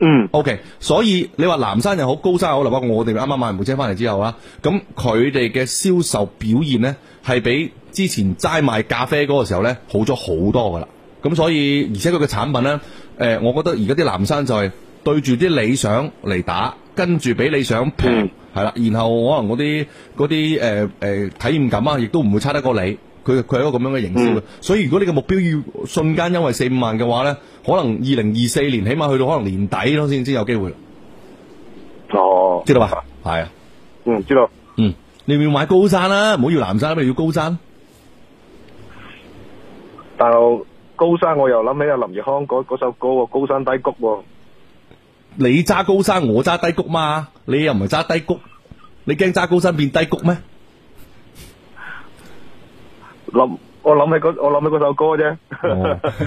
嗯，OK。所以你話藍山又好，高山又好，包括我哋啱啱買部車翻嚟之後啊，咁佢哋嘅銷售表現呢，係比之前齋賣咖啡嗰個時候呢好咗好多噶啦。咁所以，而且佢嘅產品呢，誒、呃，我覺得而家啲藍山就係對住啲理想嚟打，跟住比理想平，係啦、嗯，然後可能嗰啲嗰啲誒誒體驗感啊，亦都唔會差得過你。佢佢係一個咁樣嘅營銷，所以如果你嘅目標要瞬間因為四五萬嘅話咧，可能二零二四年起碼去到可能年底咯先先有機會。哦，知道吧？係啊。嗯，知道。嗯，你要買高山啦，唔好要南山，要高山。但係高山我又諗起阿林奕匡嗰嗰首歌，高山低谷。你揸高山，我揸低谷嘛？你又唔係揸低谷，你驚揸高山變低谷咩？諗我諗起嗰我諗起嗰首歌啫。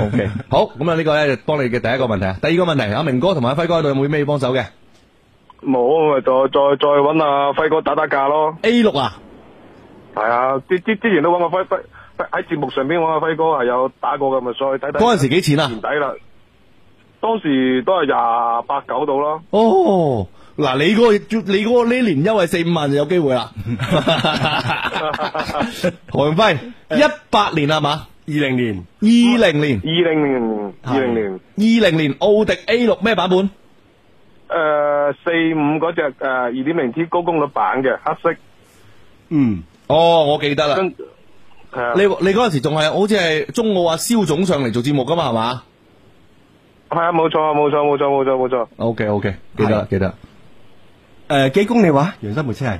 O K，好咁啊，呢個咧就幫你嘅第一個問題啊。第二個問題，阿明哥同埋阿輝哥喺度有冇咩幫手嘅？冇，咪再再再揾阿輝哥打打價咯。A 六啊？係啊，之之之前都揾過輝輝喺節目上邊，我阿輝哥係有打過嘅，咪再睇睇。嗰陣時幾錢啊？年底啦，當時都係廿八九度咯。哦。嗱，你嗰個做，你嗰個呢年優惠四五萬就有機會啦。韓輝，一八年係嘛？二零年，二零年，二零年，二零年，二零年，奧迪 A 六咩版本？誒，四五嗰隻誒二點零 T 高功率版嘅黑色。嗯，哦，我記得啦。你你嗰陣時仲係好似係中澳啊，肖總上嚟做節目噶嘛，係嘛？係啊，冇錯，冇錯，冇錯，冇錯，冇錯。O K，O K，記得啦，記得。誒、呃，幾公里話、啊？楊生部車係，誒、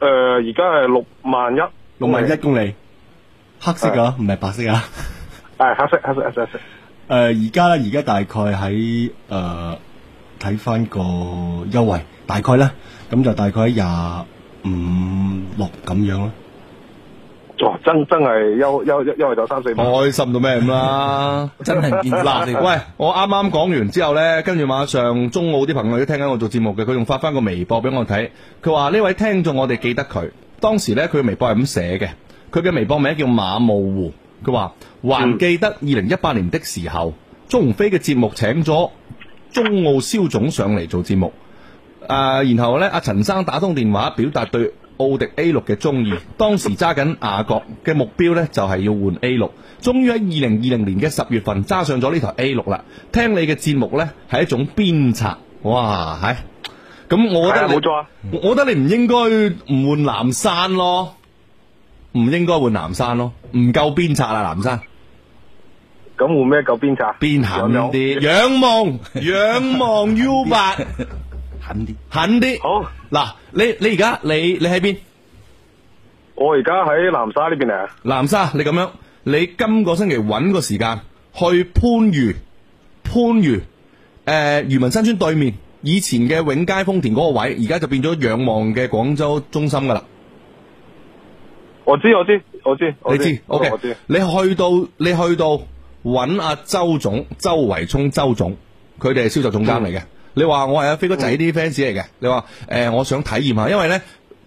呃，而家係六萬一，六萬一公里，公里黑色噶，唔係、啊、白色啊，係、 (laughs) 哎、黑色，黑色，黑色，色、呃。誒，而家咧，而家大概喺誒，睇、呃、翻個優惠，大概咧，咁就大概喺廿五六咁樣咯。哦、真真係優優優惠咗三四萬，開心到咩咁啦！ (laughs) 真係熱鬧。喂，我啱啱講完之後呢，跟住馬上中澳啲朋友都聽緊我做節目嘅，佢仲發翻個微博俾我睇。佢話呢位聽眾我哋記得佢。當時呢，佢嘅微博係咁寫嘅，佢嘅微博名叫馬模湖。佢話還記得二零一八年的時候，鐘紅飛嘅節目請咗中澳肖總上嚟做節目。誒、呃，然後呢，阿陳生打通電話表達對奧迪 A 六嘅中意，當時揸緊雅閣嘅目標呢，就係、是、要換 A 六。終於喺二零二零年嘅十月份，揸上咗呢台 A 六啦。聽你嘅節目呢，係一種鞭策，哇，係、哎。咁我覺得、啊，冇錯啊我，我覺得你唔應該唔換南山咯，唔應該換南山咯，唔夠鞭策啊，南山。咁換咩夠鞭策？邊行邊仰望，仰望 (laughs) U 八。狠啲，狠啲。好，嗱，你你而家你你喺邊？我而家喺南沙呢邊嚟啊！南沙，你咁樣，你今個星期搵個時間去番禺，番禺誒漁民新村對面，以前嘅永佳豐田嗰個位，而家就變咗仰望嘅廣州中心噶啦。我知，我知，我知，你知。O K，我知，okay. 我知你去到，你去到搵阿、啊、周總，周維聰，周總，佢哋係銷售總監嚟嘅。嗯你話我係阿飛哥仔啲 fans 嚟嘅。嗯、你話誒、呃，我想體驗下，因為呢，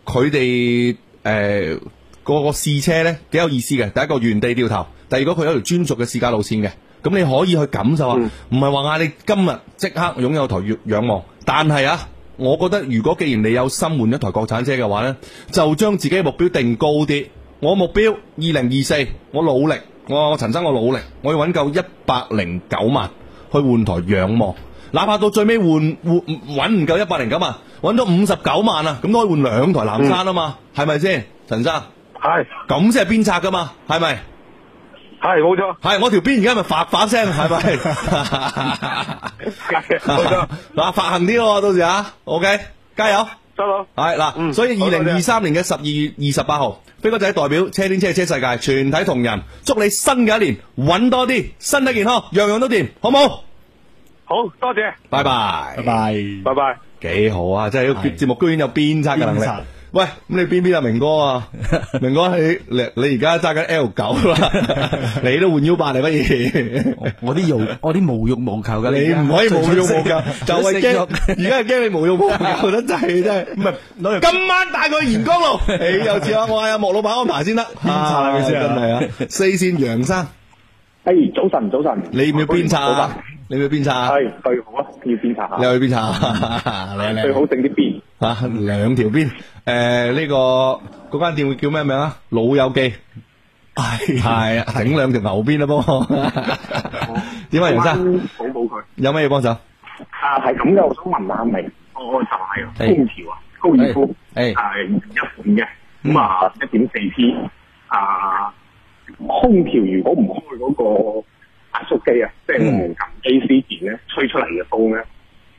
佢哋誒個個試車呢幾有意思嘅，第一個原地掉頭，第二個佢有條專屬嘅試駕路線嘅，咁你可以去感受下，唔係話嗌你今日即刻擁有台仰望，但係啊，我覺得如果既然你有心換一台國產車嘅話呢，就將自己嘅目標定高啲。我目標二零二四，我努力，我陳生我努力，我要揾夠一百零九萬去換台仰望。哪怕到最尾換換揾唔夠一百零九萬，揾到五十九萬啊，咁都可以換兩台藍山啊嘛，係咪先？陳生，係，咁先係鞭策㗎嘛？係咪？係冇錯。係我條邊而家咪發發聲，係咪？嗱，發行啲喎，到時啊，OK，加油，收好。係嗱，所以二零二三年嘅十二月二十八號，飛哥仔代表車天車地車世界全體同仁，祝你新嘅一年揾多啲，身體健康，樣樣都掂，好冇？好多謝，拜拜，拜拜，拜拜，幾好啊！即係個節目居然有鞭策嘅能力。喂，咁你邊邊啊，明哥啊，明哥你你你而家揸緊 L 九啦，你都換 U 八嚟乜嘢？我啲無我啲無欲無求嘅，你唔可以無欲無求，就係驚而家係驚你無欲無求真係真係，唔係。今晚帶佢去沿江路，你又似話我嗌阿莫老闆安排先得。鞭策啊，真係啊，四綫楊生。哎，早晨，早晨，你要唔要鞭策？你要邊擦？係最好啊，要邊擦下。你去邊擦？最好整啲邊，兩條邊。誒，呢個嗰間店叫咩名啊？老友記。係係，整兩條牛鞭咯，波。點啊，楊生？補補佢。有咩嘢幫手？啊，係咁嘅，我想問下明，我就係空調啊，高爾夫係二一款嘅，咁啊一點四 T 啊，空調如果唔開嗰個。壓縮機啊，即係無論撳 A C 鍵咧，吹出嚟嘅風咧，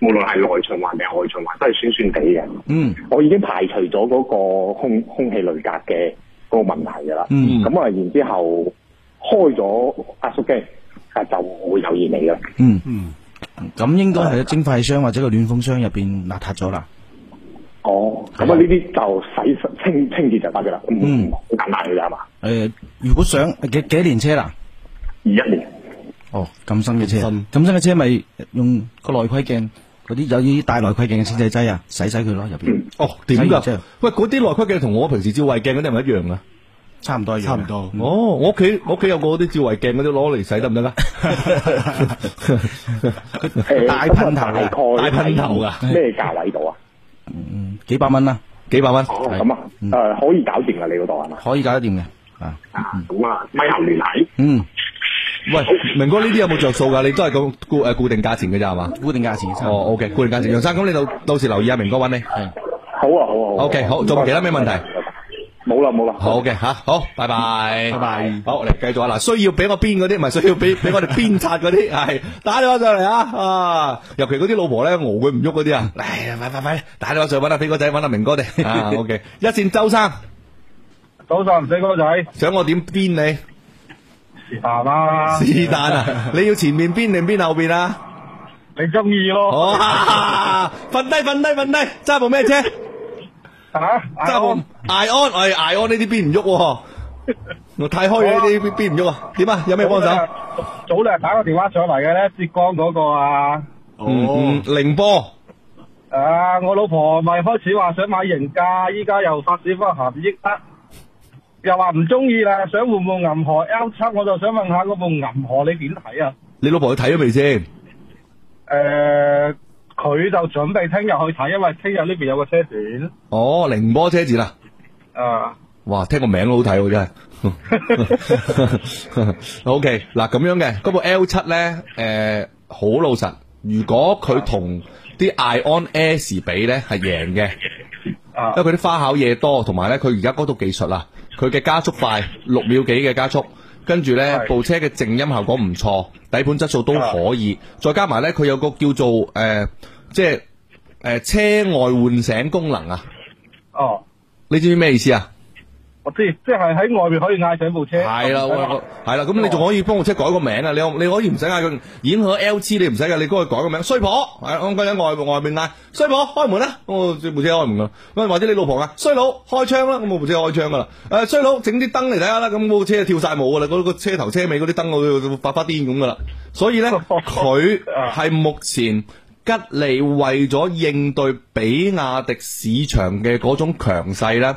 無論係內循環定係外循環都係酸酸地嘅。嗯，我已經排除咗嗰個空空氣濾格嘅嗰個問題噶啦。嗯，咁啊，然之後開咗壓縮機啊，就會有異味啦。嗯嗯，咁應該係個蒸發箱或者個暖風箱入邊邋遢咗啦。哦，咁啊，呢啲就洗清清潔就得噶啦。嗯，好簡單嘅嘢係嘛？誒吧，如果想幾幾年車啦？二一年。哦，咁新嘅車，咁新嘅車咪用個內窺鏡嗰啲，有啲大內窺鏡嘅清洗劑啊，洗洗佢咯入邊。哦，點噶？喂，嗰啲內窺鏡同我平時照胃鏡嗰啲係咪一樣噶？差唔多，差唔多。哦，我屋企我屋企有個啲照胃鏡嗰啲攞嚟洗得唔得噶？大噴頭，大噴頭噶。咩價位度啊？嗯，幾百蚊啦，幾百蚊。哦，咁啊，誒，可以搞掂噶，你嗰度係嘛？可以搞得掂嘅。啊，咁啊，咪後聯繫。嗯。喂，明哥呢啲有冇着數噶？你都係個固誒固定價錢嘅咋係嘛？固定價錢。哦，OK，固定價錢。楊生咁你到到時留意阿明哥揾你。好啊，好啊。OK，好。仲有其他咩問題？冇啦，冇啦。好嘅，吓好，拜拜，拜拜。好，嚟繼續啊！嗱，需要俾我編嗰啲，唔係需要俾俾我哋鞭策嗰啲，係打電話上嚟啊！啊，尤其嗰啲老婆咧，餓佢唔喐嗰啲啊，嚟，快快快，打電話上嚟搵阿飛哥仔，搵阿明哥哋。OK，一線周生。早晨，飛哥仔。想我點鞭你？是但啦，是但啊！你要前面邊定邊後邊啊？你中意咯。哦，瞓低瞓低瞓低，揸部咩車啊？揸部艾安，係艾安呢啲邊唔喐？我太開呢啲邊唔喐啊？點啊？有咩幫手？早兩日打個電話上嚟嘅咧，浙江嗰個啊。嗯嗯，寧波。啊，我老婆咪開始話想買型價，依家又發展返，鹹至益得。又話唔中意啦，想換部銀河 L7，我就想問下嗰部銀河你點睇啊？你老婆去睇咗未先？誒，佢就準備聽日去睇，因為聽日呢邊有個車展。哦，寧波車展啦。啊！哇，聽個名都好睇喎，真係。OK，嗱，咁樣嘅，嗰部 L7 咧，誒，好老實。如果佢同啲 Ion S 比咧，係贏嘅，因為佢啲花巧嘢多，同埋咧佢而家嗰套技術啦。佢嘅加速快，六秒幾嘅加速，跟住咧對部車嘅靜音效果唔錯，底盤質素都可以，再加埋咧佢有個叫做誒、呃，即係誒、呃、車外喚醒功能啊。哦，你知唔知咩意思啊？我知，即係喺外邊可以嗌上部車。係啦的，係啦，咁喂你仲可以幫部車改個名啊！你你可以唔使嗌佢，演可 L G 你唔使噶，你過去改個名，衰婆係我今喺外外面嗌衰婆開門啦，咁部車開門啦。咁或者你老婆啊，衰佬開窗啦，咁部車開窗噶啦。誒，衰佬整啲燈嚟睇下啦，咁部車跳晒舞噶啦，嗰個車頭車尾嗰啲燈我發發癲咁噶啦。所以咧，佢係目前吉利為咗應對比亞迪市場嘅嗰種強勢咧，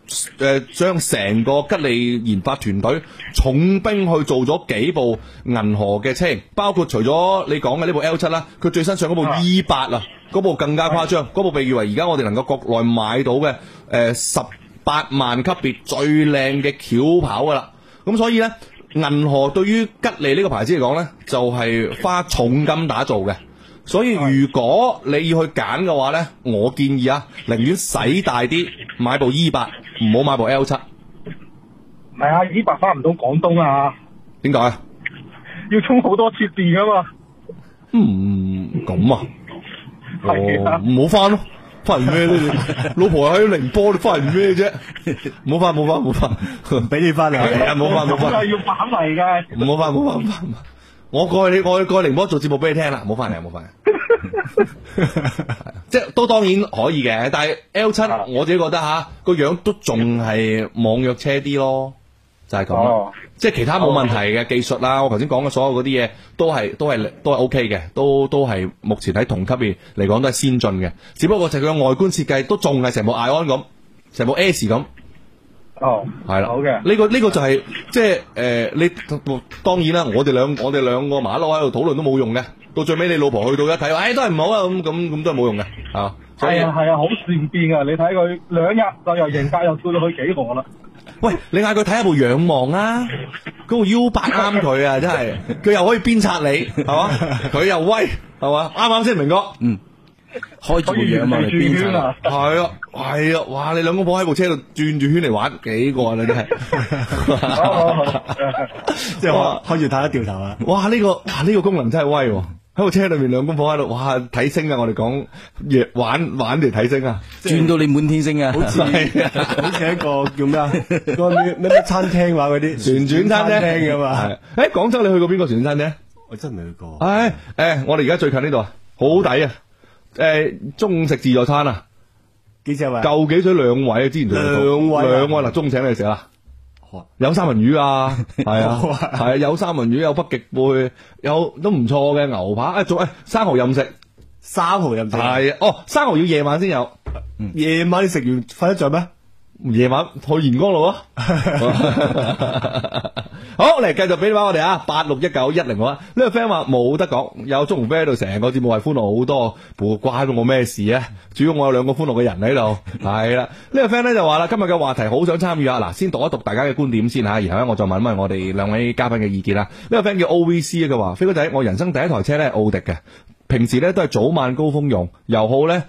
誒，將成個吉利研發團隊重兵去做咗幾部銀河嘅車型，包括除咗你講嘅呢部 L 七啦，佢最新上嗰部 E 八啊，嗰部更加誇張，嗰部被譽為而家我哋能夠國內買到嘅誒十八萬級別最靚嘅轎跑噶啦，咁所以呢，銀河對於吉利呢個牌子嚟講呢，就係、是、花重金打造嘅。所以如果你要去揀嘅話咧，我建議寧願、e、8，啊，寧願使大啲，買部 E 八，唔好買部 L 七。唔係啊，E 八翻唔到廣東啊？點解？要充好多次電噶嘛？嗯，咁啊。哦，唔好翻咯，翻嚟咩啫？ (laughs) 老婆喺寧波，你翻嚟咩啫？唔好翻，唔好翻，唔好翻，俾 (laughs) 你翻嚟啊！唔好翻，唔好翻。咁啊要返嚟嘅。唔好翻，唔好翻，唔翻。我過去你，我去過去寧波做節目俾你聽啦，唔好翻嚟，唔好翻嚟，即係都當然可以嘅，但係 L 七，啊、我自己覺得吓個樣都仲係網約車啲咯，就係咁咯。哦、即係其他冇問題嘅、哦、技術啦、啊，我頭先講嘅所有嗰啲嘢都係都係都係 O K 嘅，都都係、OK、目前喺同級別嚟講都係先進嘅。只不過就係佢嘅外觀設計都仲係成部 ION 咁，成部 S 咁。哦，係啦、oh, okay. 這個，好嘅。呢個呢個就係即係誒，你當然啦，我哋兩我哋兩個馬騮喺度討論都冇用嘅。到最尾你老婆去到一睇，哎都係唔好啊，咁咁咁都係冇用嘅、哦、啊。係啊係啊，好善變啊！你睇佢兩日就又型價又，又跳到去幾何啦。喂，你嗌佢睇下部仰望啊，嗰部 (laughs) U 八啱佢啊，真係佢又可以鞭策你，係嘛？ (laughs) 佢又威，係嘛？啱啱先，明哥？嗯。開住嘅嘛，嚟轉圈啊！係啊，係啊！哇，你兩公婆喺部車度轉轉圈嚟玩，幾個啊！你真係，即係開住打一掉頭啊！哇，呢個呢個功能真係威喎！喺部車裏面兩公婆喺度，哇，睇星啊！我哋講玩玩嚟睇星啊，轉到你滿天星啊！好似好似一個叫咩啊？嗰啲咩咩餐廳話嗰啲旋轉餐廳㗎嘛？誒，廣州你去過邊個旋轉餐廳？我真未去過。誒，誒，我哋而家最近呢度啊，好抵啊！誒，中午食自助餐啊？時幾只位？夠幾水？兩位啊，之前兩位兩位嗱，中午請你食啊。 (laughs) 有三文魚啊，係 (laughs) 啊，係、 (laughs) 啊、有三文魚，有北極貝，有都唔錯嘅牛扒。誒、哎，仲誒，生蚝任食？生蚝任食、啊？係、啊、哦，生蚝要夜晚先有。夜、嗯、晚你食完瞓得着咩？夜晚去沿江路啊！ (laughs) (laughs) 好，嚟繼續俾你玩我哋啊！八六一九一零啊！呢個 friend 話冇得講，有中紅 friend 喺度成個節目係歡樂好多，不過關我咩事啊！主要我有兩個歡樂嘅人喺度，係啦。呢個 friend 咧就話啦，今日嘅話題好想參與啊！嗱，先讀一讀大家嘅觀點先吓，然後咧我再問問我哋兩位嘉賓嘅意見啦。呢個 friend 叫 OVC 啊，佢話飛哥仔，我人生第一台車咧係奧迪嘅，平時咧都係早晚高峰用，油耗咧。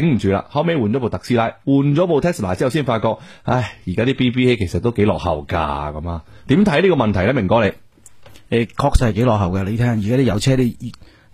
頂唔住啦，後尾換咗部特斯拉，換咗部 Tesla 之後，先發覺，唉，而家啲 B B A 其實都幾落後噶，咁啊？點睇呢個問題咧，明哥你？誒、嗯，確、呃、實係幾落後嘅。你睇下而家啲油車，你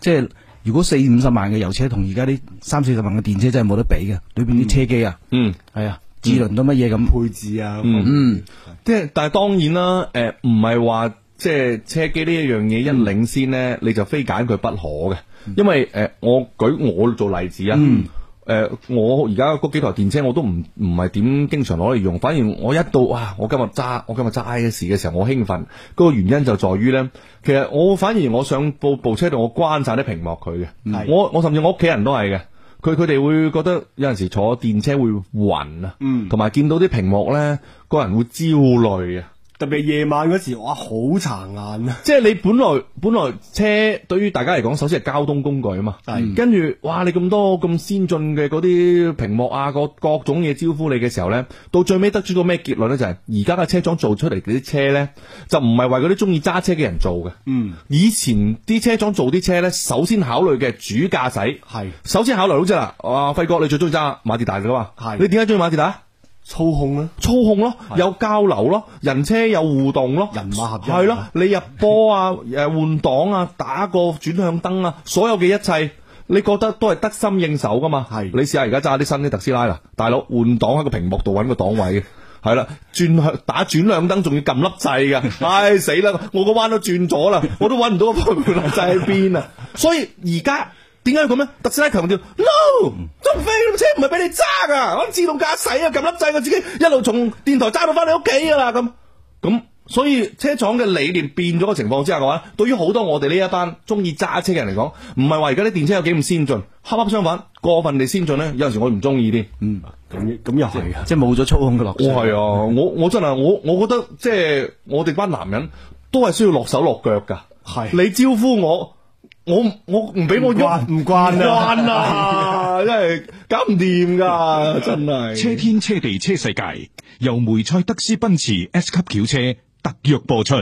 即係如果四五十萬嘅油車，同而家啲三四十萬嘅電車，真係冇得比嘅。裏邊啲車機啊，嗯，係啊，嗯、智輪到乜嘢咁配置啊？嗯即係、嗯嗯、但係當然啦，誒、呃，唔係話即係車機呢一樣嘢一領先呢，你就非揀佢不可嘅。因爲誒、呃，我舉我做例子啊。嗯嗯誒、呃，我而家嗰幾台電車我都唔唔係點經常攞嚟用，反而我一到啊，我今日揸我今日揸 I 嘅時嘅時候，我興奮。嗰個原因就在於呢，其實我反而我上部部車度，我關晒啲屏幕佢嘅。的我我甚至我屋企人都係嘅，佢佢哋會覺得有陣時坐電車會暈啊，同埋見到啲屏幕呢個人會焦慮啊。特別係夜晚嗰時，哇，好殘眼啊！即係你本來本來車對於大家嚟講，首先係交通工具啊嘛。係是。跟住、嗯，哇！你咁多咁先進嘅嗰啲屏幕啊，個各，各種嘢招呼你嘅時候咧，到最尾得出個咩結論咧？就係而家嘅車廠做出嚟嗰啲車咧，就唔係為嗰啲中意揸車嘅人做嘅。嗯。以前啲車廠做啲車咧，首先考慮嘅主駕駛係。是首先考慮好即係啦，啊，輝哥你最中意揸馬自達噶嘛？係的。是你點解中意馬自達？操控啦，操控咯，的有交流咯，人車有互動咯，係咯的，人馬你入波啊，誒換檔啊，打個轉向燈啊，所有嘅一切，你覺得都係得心應手噶嘛？係的，你試下而家揸啲新啲特斯拉啦，大佬換檔喺個屏幕度揾個檔位嘅，係啦， (laughs) 轉向打轉向燈仲要撳粒掣㗎，唉死啦，我個彎都轉咗啦，我都揾唔到個粒掣喺邊啊， (laughs) (laughs) 所以而家。點解要咁咧？特斯拉強調：No，仲飛車唔係俾你揸噶，我自動駕駛啊，撳粒掣佢自己一路從電台揸到翻你屋企噶啦。咁咁，所以車廠嘅理念變咗個情況之下嘅話，對於好多我哋呢一班中意揸車嘅人嚟講，唔係話而家啲電車有幾咁先進，恰恰相反，過分地先進咧，有陣時我唔中意啲。嗯，咁咁又係啊，即係冇咗操控嘅樂趣。係啊，我我真係我我覺得即係我哋班男人都係需要落手落腳噶。係啊，你招呼我。我我唔俾我喐，唔慣啊！唔慣啊！真係搞唔掂噶真係。車天車地車世界，由梅賽德斯奔馳 S 級轎車特約播出。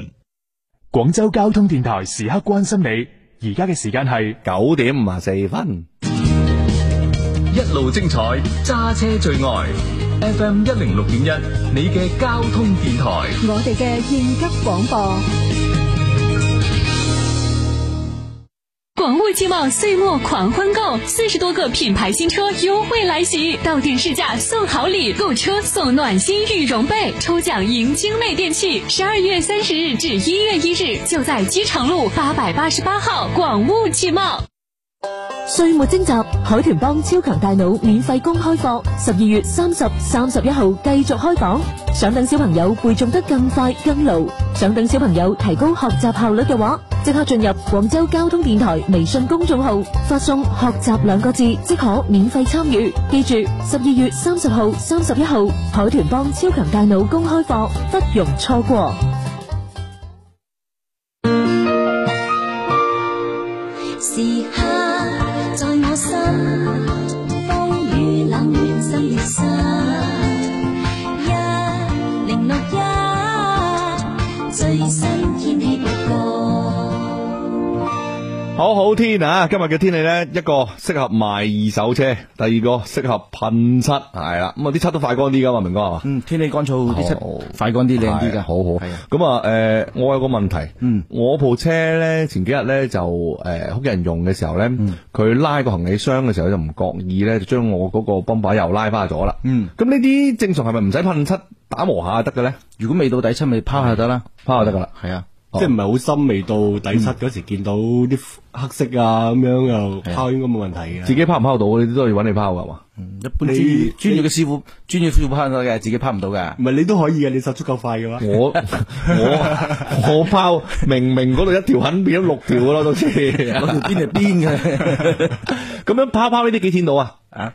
廣州交通電台時刻關心你。而家嘅時間係九點五十四分。一路精彩，揸車最愛。FM 一零六點一，你嘅交通電台，我哋嘅應急廣播。廣物汽貿歲末狂歡購，四十多個品牌新車優惠來襲，到店試駕送好禮，購車送暖心羽絨被，抽獎贏精美電器。十二月三十日至一月一日，就在機場路八百八十八號廣物汽貿。歲末徵集海豚幫超強大腦免費公開課，十二月三十、三十一號繼續開講。想等小朋友背誦得更快更牢，想等小朋友提高學習效率嘅話。即刻進入廣州交通電台微信公眾號，發送“學習”兩個字，即可免費參與。記住，十二月三十號、三十一號，海豚幫超強大腦公開課，不容錯過。好好天啊！今日嘅天氣咧，一個適合賣二手車，第二個適合噴漆，係啦。咁啊，啲漆都快乾啲噶嘛，明哥係嘛？嗯，天氣乾燥，啲漆好快乾啲，靚啲嘅，好好。咁啊的，誒、呃，我有個問題，嗯，我部車咧，前幾日咧就誒，屋、呃、企人用嘅時候咧，佢、嗯、拉個行李箱嘅時候就唔覺意咧，就將我嗰個泵把油拉翻咗啦。嗯，咁呢啲正常係咪唔使噴漆打磨下得嘅咧？如果未到底漆，咪拋下得啦，拋下得噶啦，係啊、嗯。嗯即係唔係好深，未到底漆，嗰時見到啲黑色啊，咁樣又拋應該冇問題嘅。自己拋唔拋到，你都可以揾你拋噶嘛。嗯，一般。你專業嘅師傅，專你業，業師傅拋得嘅，自己拋唔到嘅。唔係你都可以嘅，你手足夠快嘅嘛。我我我拋，明明嗰度一條痕變咗六條噶咯， (laughs) 到時攞條邊係邊嘅。咁 (laughs) (laughs) 樣拋拋呢啲幾天到啊？啊！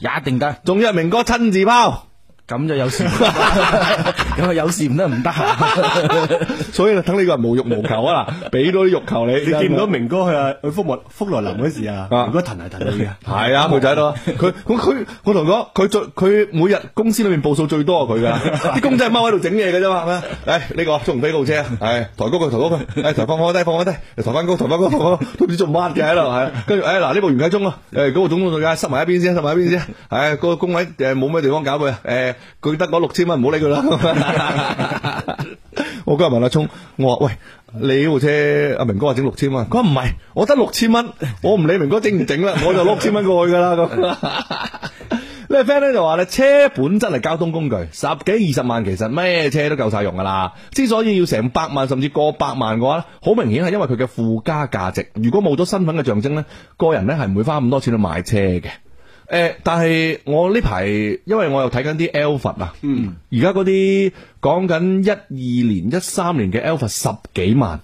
一定得，仲有一名哥親自拋。咁就有事，咁啊有事唔得唔得，所以就等呢個人無欲無求啊！啦，俾多啲欲求你，你見唔到明哥佢啊，佢福來福來臨嗰時啊，如果騰嚟騰去啊，係啊，佢仔咯，佢咁佢我同佢講，佢最佢每日公司裏面報數最多係佢噶，啲公仔踎喺度整嘢嘅啫嘛，係咪？誒呢個中非號車，係抬高佢，抬高佢，誒抬放低，放低，抬翻高，抬翻高，唔知做乜嘅。喺度，係跟住誒嗱呢部袁啟鐘啊，誒嗰個總總作家，塞埋一邊先，塞埋一邊先，係個工位誒冇咩地方搞佢誒。佢得嗰六千蚊，唔好理佢啦。 (laughs) (laughs) 我今日問阿聰，我話喂，你部車阿明哥話整六千蚊，佢話唔係，我得六千蚊，我唔理明哥整唔整啦，我就六千蚊過去噶啦。咁 (laughs) (laughs) 呢個 friend 咧，就話咧，車本身係交通工具，十幾二十萬其實咩車都夠晒用噶啦。之所以要成百萬甚至過百萬嘅話咧，好明顯係因為佢嘅附加價值。如果冇咗身份嘅象徵咧，個人咧係唔會花咁多錢去買車嘅。誒，但係我呢排，因為我又睇緊啲 Alpha 啊、嗯，而家嗰啲講緊一二年、一三年嘅 Alpha 十幾萬，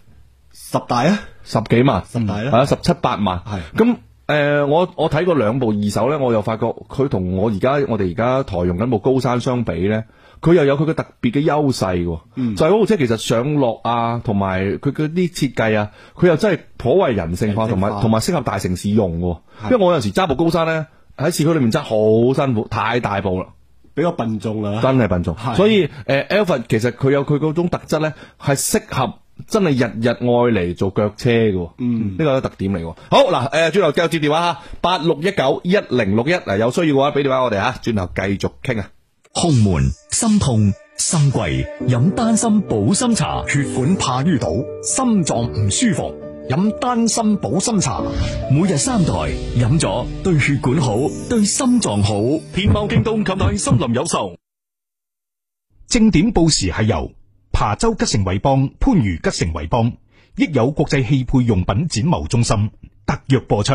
十大啊，十幾萬，十大啦，對十七八萬，係的。咁誒、呃，我我睇過兩部二手咧，我又發覺佢同我而家我哋而家台用緊部高山相比咧，佢又有佢嘅特別嘅優勢，嗯、就係嗰部車其實上落啊，同埋佢嗰啲設計啊，佢又真係頗為人性化，同埋同埋適合大城市用。的因為我有時揸部高山咧。的喺市區裏面真係好辛苦，太大步啦，比較笨重啦，真係笨重。的所以誒、呃、Alvin 其實佢有佢嗰種特質咧，係適合真係日日愛嚟,做腳車嘅。嗯，呢個係一個特點嚟。好嗱，誒、呃，轉頭交接電話吓，八六一九一零六一嗱，有需要嘅話俾電話我哋吓，轉頭繼續傾啊。胸悶心痛心悸，飲丹心補心茶，血管怕淤堵，心臟唔舒服。飲丹參補心茶，每日三袋，飲咗對血管好，對心臟好。天貓京東琴日森林有售。正點報時係由琶洲吉成維邦、番禺吉成維邦，益友國際汽配用品展貿中心特約播出。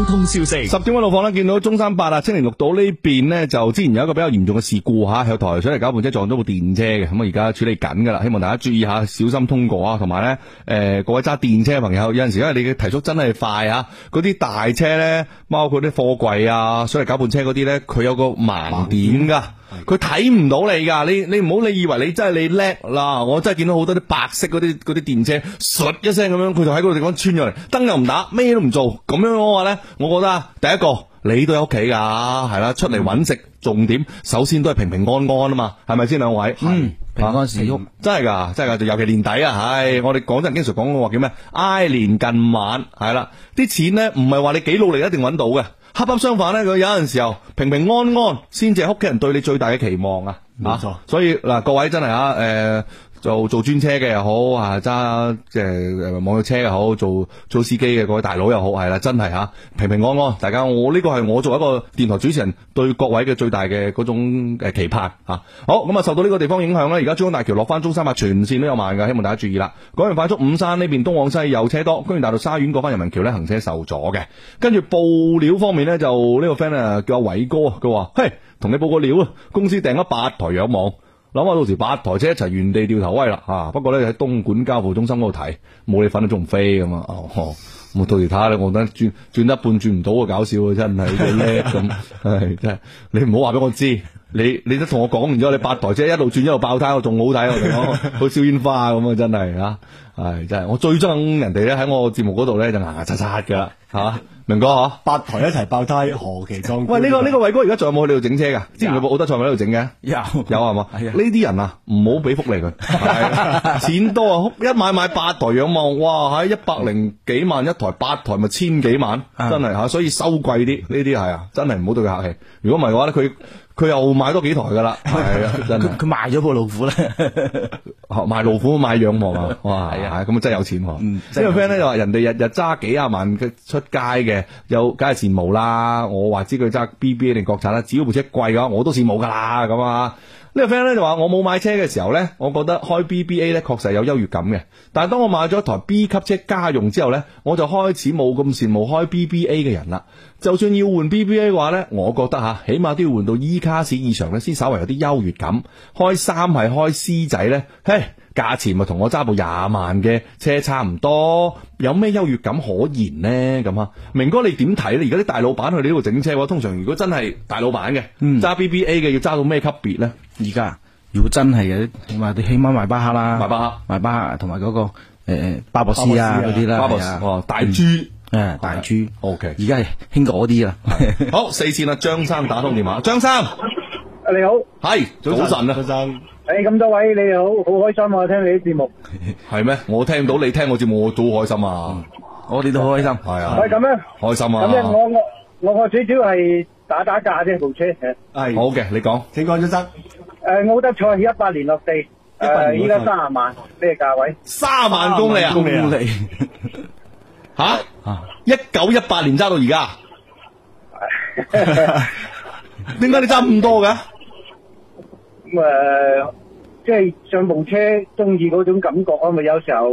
交通消息，十點嘅路況咧，見到中山八啊，青年綠島呢邊呢，就之前有一個比較嚴重嘅事故吓，有、啊、台水泥攪拌車撞咗部電車嘅，咁啊而家處理緊噶啦，希望大家注意下，小心通過啊，同埋呢，誒、呃，各位揸電車嘅朋友，有陣時因為你嘅提速真係快啊，嗰啲大車呢，包括啲貨櫃啊，水泥攪拌車嗰啲呢，佢有個盲點噶。佢睇唔到你噶，你你唔好你以為你真係你叻啦，我真係見到好多啲白色嗰啲嗰啲電車，唰一聲咁樣，佢就喺嗰個地方穿咗嚟，燈又唔打，咩都唔做，咁樣嘅話咧，我覺得第一個你都喺屋企噶，係啦，出嚟揾食重點，首先都係平平安安啊嘛，係咪先兩位？是嗯，平安是喐，啊，真係噶，真係噶，尤其年底啊，唉，我哋廣州人經常講嗰個叫咩？挨年近晚，係啦，啲錢咧唔係話你幾努力一定揾到嘅。恰恰相反咧，佢有陣時候平平安安先至係屋企人對你最大嘅期望、嗯、啊！冇錯，所以嗱，各位真係吓誒。呃做做專車嘅又好，啊，揸即係誒網約車又好，做做司機嘅各位大佬又好，係啦，真係吓、啊、平平安安。大家我呢個係我做一個電台主持人對各位嘅最大嘅嗰種誒期盼吓。好咁啊、嗯，受到呢個地方影響呢，而家珠江大橋落翻中山八全線都有慢嘅，希望大家注意啦。廣園快速五山呢邊東往西有車多，公園大道沙園過翻人民橋咧行車受阻嘅。跟住報料方面呢，就、這個、呢個 friend 啊叫阿偉哥，佢話嘿同你報個料啊，公司訂咗八台仰望。諗下到，到時八台車一齊原地掉頭威啦吓、啊，不過咧喺東莞交付中心嗰度睇，冇你份都仲飛咁啊！哦，我、哦、到時睇下咧，我覺得轉轉得半轉唔到啊！搞笑啊，真係好叻咁，係、 (laughs) 哎、真係你唔好話俾我知，你你，你都同我講，然之後你八台車一路轉一路爆胎，我仲好睇我哋講，好燒煙花咁啊！真係啊！係真係，我最憎人哋咧喺我節目嗰度咧就是、牙牙擦擦嘅啦，係、 (laughs) 啊、明哥嗬，八台一齊爆胎，何其壯觀！ (laughs) 喂，呢、這個呢 (laughs) 個偉哥而家仲有冇喺你度整車噶？之前佢冇奧德賽喺度整嘅，Yeah. 有有係嘛？呢啲 Yeah. 人啊，唔好俾福利佢，啊、 (laughs) 錢多啊，一買買八台仰望，哇吓一百零幾萬一台，八台咪千幾萬，真係吓，Yeah. (laughs) 所以收貴啲，呢啲係啊，真係唔好對佢客氣，如果唔係嘅話咧，佢。佢又買多幾台噶啦，係啊 (laughs) 他，佢佢賣咗部路虎咧，賣 (laughs) 路虎買仰望啊，哇，係 (laughs) 啊，咁啊真係有錢喎。呢個 friend 咧話人哋日日揸幾廿萬嘅出街嘅，有梗係羨慕啦。我話知佢揸 BBA 定國產啦，只要部車貴嘅話，我都羨慕噶啦，咁啊。呢個 friend 咧，就話我冇買車嘅時候呢，我覺得開 BBA 咧確實有優越感嘅。但係當我買咗台 B 級車家用之後呢，我就開始冇咁羨慕開 BBA 嘅人啦。就算要換 BBA 嘅話咧，我覺得吓起碼都要換到 E 卡士以上呢，先稍微有啲優越感。開三系開 C 仔呢，嘿。價錢咪同我揸部廿萬嘅車差唔多，有咩優越感可言呢？咁啊，明哥你點睇呢？而家啲大老闆去你呢度整車嘅話，通常如果真係大老闆嘅，揸 BBA 嘅要揸到咩級別呢？而家如果真係嘅，同埋你起碼邁巴赫啦，邁巴赫，邁巴赫，同埋嗰個誒誒巴博斯啊啲啦，哦大 G 誒大 G，O.K. 而家係興嗰啲啦。好，四線啊，張生打通電話，張生，你好，係早晨啊，張生。誒，咁多位你好好開心啊！聽你啲節目係咩？我聽到你聽我節目，我都好開心啊！我哋都好開心，係啊！係，咁樣開心啊！咁樣，我我我我最主要係打打價啫，部車係。係好嘅，你講，請講先生。誒，奧德賽一八年落地，誒，依家三十萬，咩價位？三十萬公里啊！公里吓，一九一八年揸到而家，點解你揸咁多㗎？咁誒。即係上部車中意嗰種感覺啊！咪有時候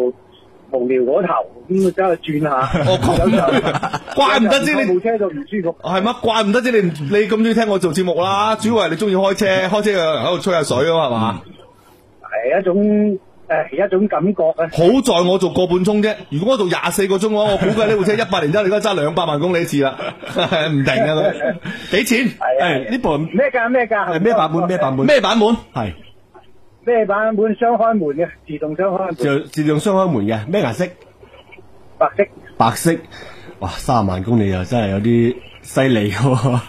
無聊嗰頭咁啊、嗯，走去轉下。怪唔得啫？你部車就唔舒服。係乜？ (laughs) 怪唔得之你你咁中意聽我做節目啦。主要係你中意開車，開車喺度吹下水咯，係嘛、嗯？係一種誒、哎，一種感覺。好在我做個半鐘啫。如果我做廿四個鐘嘅話，我估計呢部車一百年之後你都揸兩百萬公里一次啦。唔 (laughs) 定啊，俾錢係呢部咩價咩價係咩版本咩版本咩版本係。咩版本？雙開門嘅自動雙開門，就自動雙開門嘅咩顏色？白色。白色。哇，三萬公里又真係有啲犀利喎！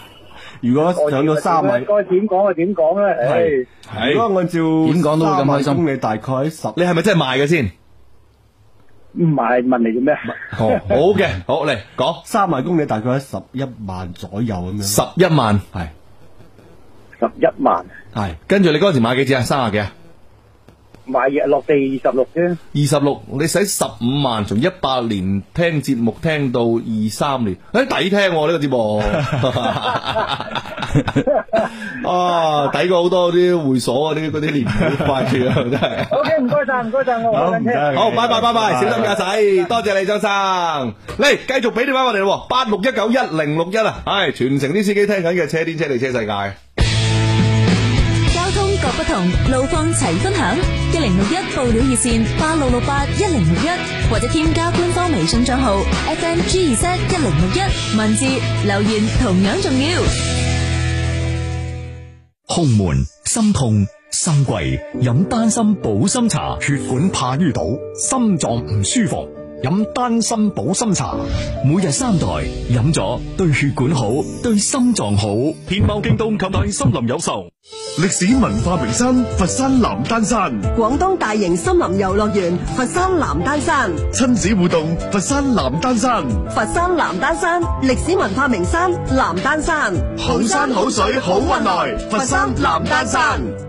如果上到三萬，該點講就點講啦。係。如果按照點講都會咁開心。你大概喺十，你係咪真係賣嘅先？唔賣，問你做咩？哦，好嘅，好嚟講，三萬公里大概喺十一萬左右咁樣。十一萬係。十一萬係。跟住你嗰陣時買幾錢啊？三啊幾啊？買嘢落地二十六啫，二十六你使十五萬，從一八年聽節目聽到二三年，哎、欸、抵聽喎、啊、呢、這個節目， (laughs) (laughs) (laughs) 啊抵過好多啲會所啊，啲啲年費啊真係。O K 唔該晒唔該晒，我話真聽好，拜拜拜拜，拜拜小心駕駛，拜拜多謝你張生，嚟繼續俾電話我哋咯，八六一九一零六一啊，係全城啲司機聽緊嘅車天車地車世界。不同路況齊分享，一零六一報料熱線八六六八一零六一，8 8, 61, 或者添加官方微信賬號 FMG 二室一零六一，61, 文字留言同樣重要。胸悶，心痛，心悸，飲丹心補心茶，血管怕淤堵，心臟唔舒服。飲丹參保心茶，每日三袋，飲咗對血管好，對心臟好。天貓京東購買森林有售，歷史文化名山佛山南丹山，廣東大型森林遊樂園佛山南丹山，親子互動佛山南丹山，佛山南丹山歷史文化名山南丹山，好山好水好運來，佛山南丹山。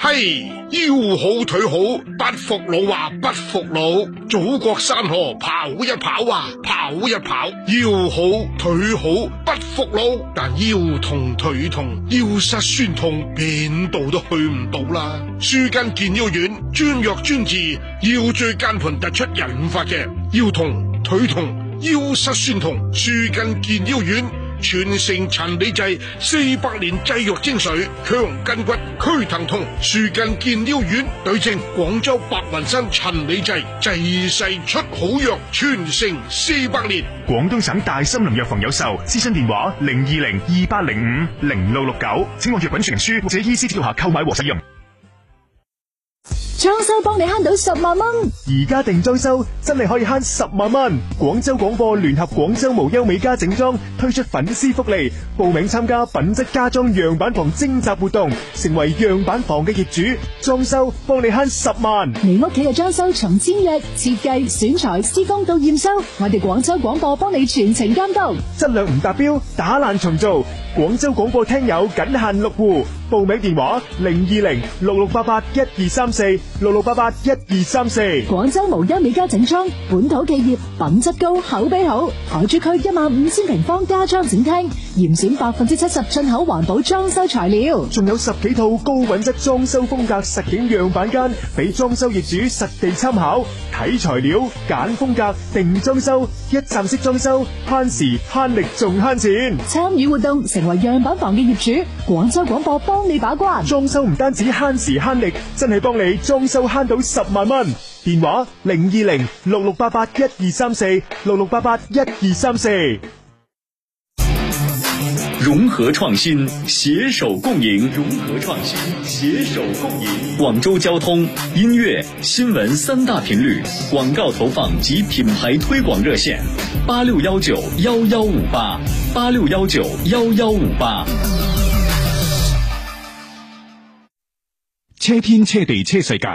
嘿，hey, 腰好腿好，不服老啊，不服老！祖國山河跑一跑啊，跑一跑！腰好腿好，不服老，但腰痛腿痛，腰膝酸痛，邊度都去唔到啦！舒筋健腰丸，專藥專治腰椎間盤突出引發嘅腰痛、腿痛、腰膝酸痛、舒筋健腰丸。全城陳李濟四百年製藥精髓，強筋骨，驅疼痛，舒筋健腰丸，對症。廣州白雲山陳李濟，濟世出好藥，全城四百年。廣東省大森林藥房有售，諮詢電話零二零二八零五零六六九，69，請按藥品說明書或者醫師指導下購買和使用。裝修幫你慳到十萬蚊，而家定裝修真係可以慳十萬蚊。廣州廣播聯合廣州無優美家無憂美家整裝推出粉絲福利，報名參加品質家裝樣板房徵集活動，成為樣板房嘅業主，裝修幫你慳十萬。你屋企嘅裝修從簽約、設計、選材、施工到驗收，我哋廣州廣播幫你全程監督，質量唔達標打爛重做。廣州廣播聽友僅限六戶。報名電話零二零六六八八一二三四六六八八一二三四。廣州無憂美家整裝，本土企業，品質高，口碑好。海珠區一萬五千平方家裝展廳，嚴選百分之七十進口環保裝修材料，仲有十幾套高品質裝修風格實景樣板間，俾裝修業主實地參考，睇材料，揀風格，定裝修，一站式裝修，慳時慳力仲慳錢。參與活動，成為樣板房嘅業主。廣州廣播幫。幫你把關，裝修唔單止慳時慳力，真係幫你裝修慳到十萬蚊。電話零二零六六八八一二三四六六八八一二三四。融合創新，攜手共贏。融合創新，攜手共贏。廣州交通音樂新聞三大頻率廣告投放及品牌推廣熱線：八六幺九幺幺五八八六幺九幺幺五八。車天車地車世界，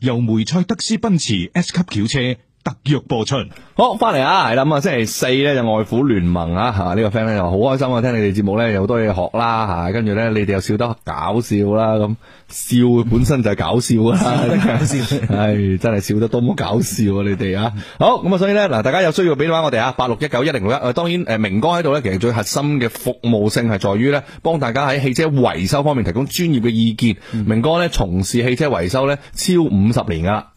由梅賽德斯奔馳 S 級轎車，特約播出，好翻嚟啊，係啦。咁啊，星期四咧就外府聯盟啊，係、這、呢個 friend 咧就好開心啊，聽你哋節目咧有好多嘢學啦，吓，跟住咧你哋又笑得搞笑啦，咁、啊啊、笑本身就係搞笑啊，搞笑， (laughs) 唉真係笑得多麼搞笑啊，你哋啊，好，咁啊，所以咧嗱，大家有需要俾翻我哋啊，八六一九一零六一，誒，當然誒，明哥喺度咧，其實最核心嘅服務性係在於咧，幫大家喺汽車維修方面提供專業嘅意見。嗯、明哥咧從事汽車維修咧超五十年噶。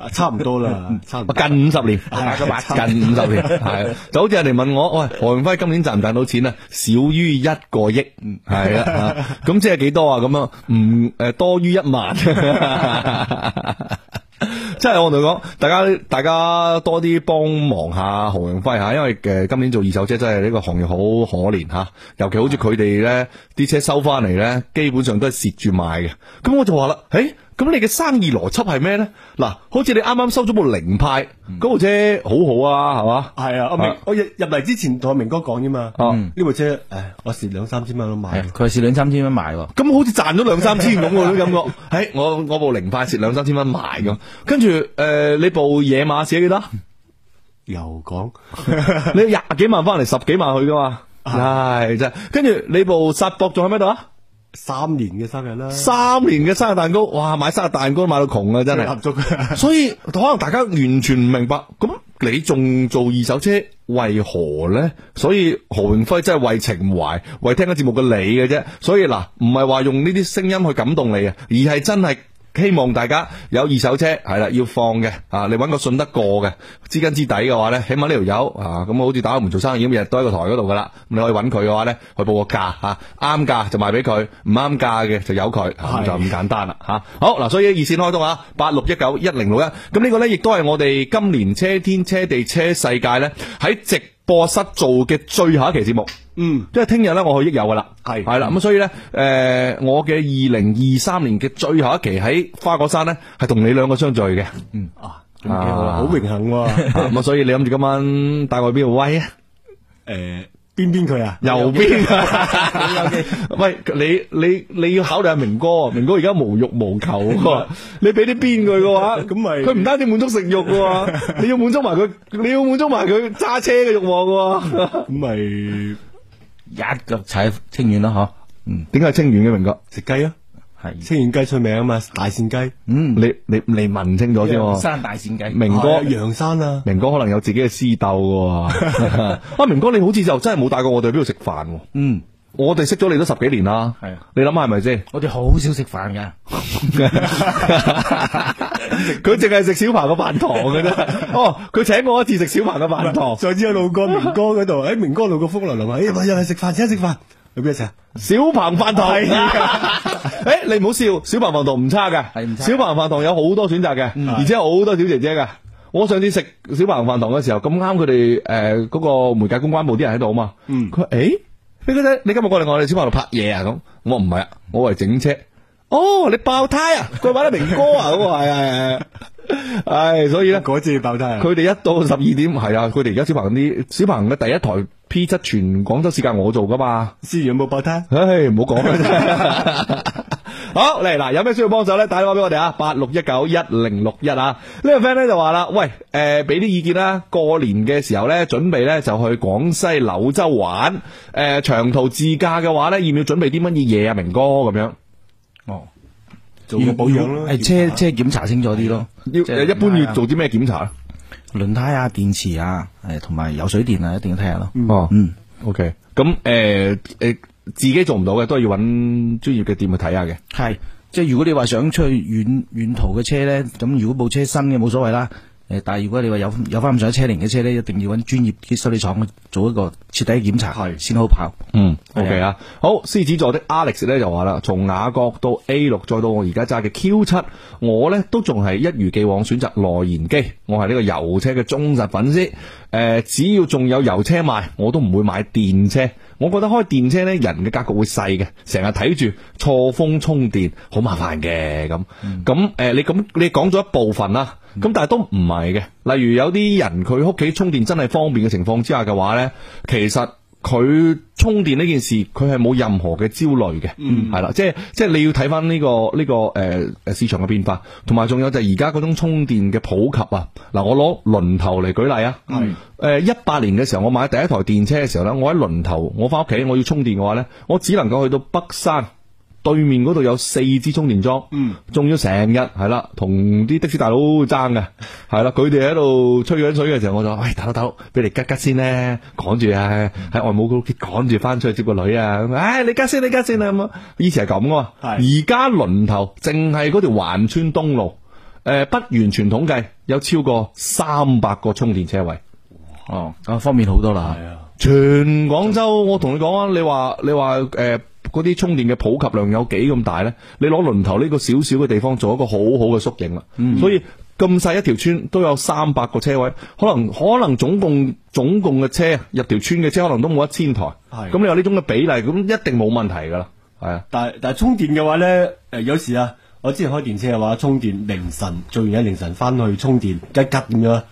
(laughs) 差唔多啦，差唔多近五十年， (laughs) 近五十年，係 (laughs) 就好似人哋問我，喂，何榮輝今年賺唔賺到錢啊？少於一個億，係啊，咁即係幾多啊？咁樣唔誒多於一萬，即 (laughs) 係我同你講，大家大家多啲幫忙下何榮輝吓，因為誒今年做二手車真係呢個行業好可憐吓、啊，尤其好似佢哋咧啲車收翻嚟咧，基本上都係蝕住賣嘅，咁我就話啦，誒、欸。咁你嘅生意邏輯係咩咧？嗱，好似你啱啱收咗部凌派，嗰、嗯、部車好好啊，係嘛？係啊，我明，啊、我入入嚟之前同阿明哥講啫嘛。呢、啊、部車，誒，我蝕兩三千蚊都買。佢蝕兩三千蚊買喎，咁好似賺咗兩三千咁嗰啲感覺。誒、 (laughs) 哎，我我部凌派蝕兩三千蚊買咁，跟住誒、呃，你部野馬蝕幾多？又講，你廿幾萬翻嚟，十幾萬去噶嘛？係真。跟住你部薩博仲喺唔喺度啊？三年嘅生日啦，三年嘅生日蛋糕，哇！買生日蛋糕都買到窮啊，真係，合作嘅。所以 (laughs) 可能大家完全唔明白，咁你仲做二手車為何呢？所以何榮輝真係為情懷，為聽緊節目嘅你嘅啫。所以嗱，唔係話用呢啲聲音去感動你啊，而係真係。希望大家有二手車係啦，要放嘅啊，你揾個信得過嘅資金之底嘅話咧，起碼呢條友啊，咁好似打開門做生意，咁日都喺個台嗰度噶啦，咁你可以揾佢嘅話咧，去報個價吓，啱、啊、價就賣俾佢，唔啱價嘅就有佢，咁的就咁簡單啦吓、啊。好嗱，所以二線開通啊，八六一九一零六一，咁呢個咧亦都係我哋今年車天車地車世界咧喺直播室做嘅最後一期節目，嗯，即係聽日咧我去益友噶啦，係係啦，咁的、嗯、所以咧，誒、呃，我嘅二零二三年嘅最後一期喺花果山咧，係同你兩個相聚嘅，嗯，嗯啊，咁幾好啊，好榮、啊、幸、啊，咁 (laughs) 啊，所以你諗住今晚帶我去邊度威啊？誒、呃。邊邊佢啊？右邊啊！喂，你你你要考慮下明哥，明哥而家無欲無求， (laughs) 啊、你俾啲邊佢嘅話，咁咪佢唔單止滿足食肉㗎喎，你要滿足埋佢，你要滿足埋佢揸車嘅欲望㗎喎，咁咪一腳踩清遠啦！吓， (laughs) 嗯，點解清遠嘅明哥食雞啊？清遠雞出名啊嘛，大線雞。嗯，你你你問清楚先。山大線雞，明哥，陽山啊，明哥可能有自己嘅私竇噶、啊。啊，明哥你好似就真係冇帶過我哋去邊度食飯。嗯，我哋識咗你都十幾年啦。係啊，你諗下係咪先？我哋好少食飯㗎，佢淨係食小鵬嘅飯堂嘅啫。哦，佢請我一次食小鵬嘅飯堂。上次去路過明哥嗰度，喺明哥路過風流林，哎呀，又係食飯，真係食飯。有咩食啊？小鵬飯堂，誒，你唔好笑，小鵬飯堂唔差嘅，係唔差，小鵬飯堂有好多選擇嘅，而且好多小姐姐嘅。我上次食小鵬飯堂嘅時候咁啱，佢哋誒嗰個媒介公關部啲人喺度啊嘛，佢誒，飛哥仔，你今日過嚟我哋小鵬度拍嘢啊？咁我話唔係啊，我係整車。哦，你爆胎啊？佢話啲明哥啊，好係係係，誒，所以咧，嗰次爆胎，佢哋一到十二點係啊，佢哋而家小鵬啲小鵬嘅第一台。P 七全廣州市界我做噶嘛，司儀有冇爆胎？唉，唔好講。好嚟嗱，有咩需要幫手咧？打電話俾我哋啊，八六一九一零六一啊。呢個 friend 咧就話啦，喂，誒，俾啲意見啦。過年嘅時候咧，準備咧就去廣西柳州玩。誒，長途自駕嘅話咧，要唔要準備啲乜嘢嘢啊？明哥咁樣。哦，做個保養咯，係車車檢查清楚啲咯。要一般要做啲咩檢查啊？輪胎啊、電池啊，誒，同埋有水電啊，一定要睇下咯。哦，嗯，OK，咁誒誒，自己做唔到嘅，都係要揾專業嘅店去睇下嘅。係是，即係如果你話想出去遠遠途嘅車咧，咁如果部車新嘅，冇所謂啦。誒，但係如果你話有有翻咁上下車齡嘅車呢，一定要揾專業啲修理廠做一個徹底檢查，係先的好跑。嗯的，OK 啊，好。獅子座的 Alex 呢就話啦，從雅閣到 A 六，再到我而家揸嘅 Q 七，我呢都仲係一如既往選擇內燃機。我係呢個油車嘅忠實粉絲。誒、呃，只要仲有油車賣，我都唔會買電車。我覺得開電車咧，人嘅格局會細嘅，成日睇住錯峰充電，好麻煩嘅咁。咁誒、呃，你咁你講咗一部分啦，咁但係都唔係嘅。例如有啲人佢屋企充電真係方便嘅情況之下嘅話咧，其實。佢充電呢件事，佢係冇任何嘅焦慮嘅，係啦、嗯，即係即係你要睇翻呢個呢個誒誒市場嘅變化，同埋仲有就係而家嗰種充電嘅普及啊。嗱，我攞輪頭嚟舉例啊，係誒是，一八年嘅時候，我買第一台電車嘅時候咧，我喺輪頭，我翻屋企我要充電嘅話咧，我只能夠去到北山。對面嗰度有四支充電樁，中咗成日係啦，同啲的士大佬爭嘅，係啦，佢哋喺度吹緊水嘅時候，我就話，哎，打斗斗，俾你吉吉先咧，趕住啊，喺外母屋企趕住翻出去接個女啊，唉，你吉先，你吉先啊，咁啊，以前係咁，而家輪頭淨係嗰條環村東路，誒，不完全統計有超過三百個充電車位，哦，啊，方便好多啦，全廣州，我同你講啊，你話你話誒。嗰啲充電嘅普及量有幾咁大呢？你攞輪頭呢個小小嘅地方做一個好好嘅縮影啦。嗯、所以咁細一條村都有三百個車位，可能可能總共總共嘅車入條村嘅車可能都冇一千台。咁的你有呢種嘅比例，咁一定冇問題㗎啦。係啊，但係但係充電嘅話呢，誒有時啊，我之前開電車嘅話充電凌晨，做完嘢凌晨翻去充電，一急點樣？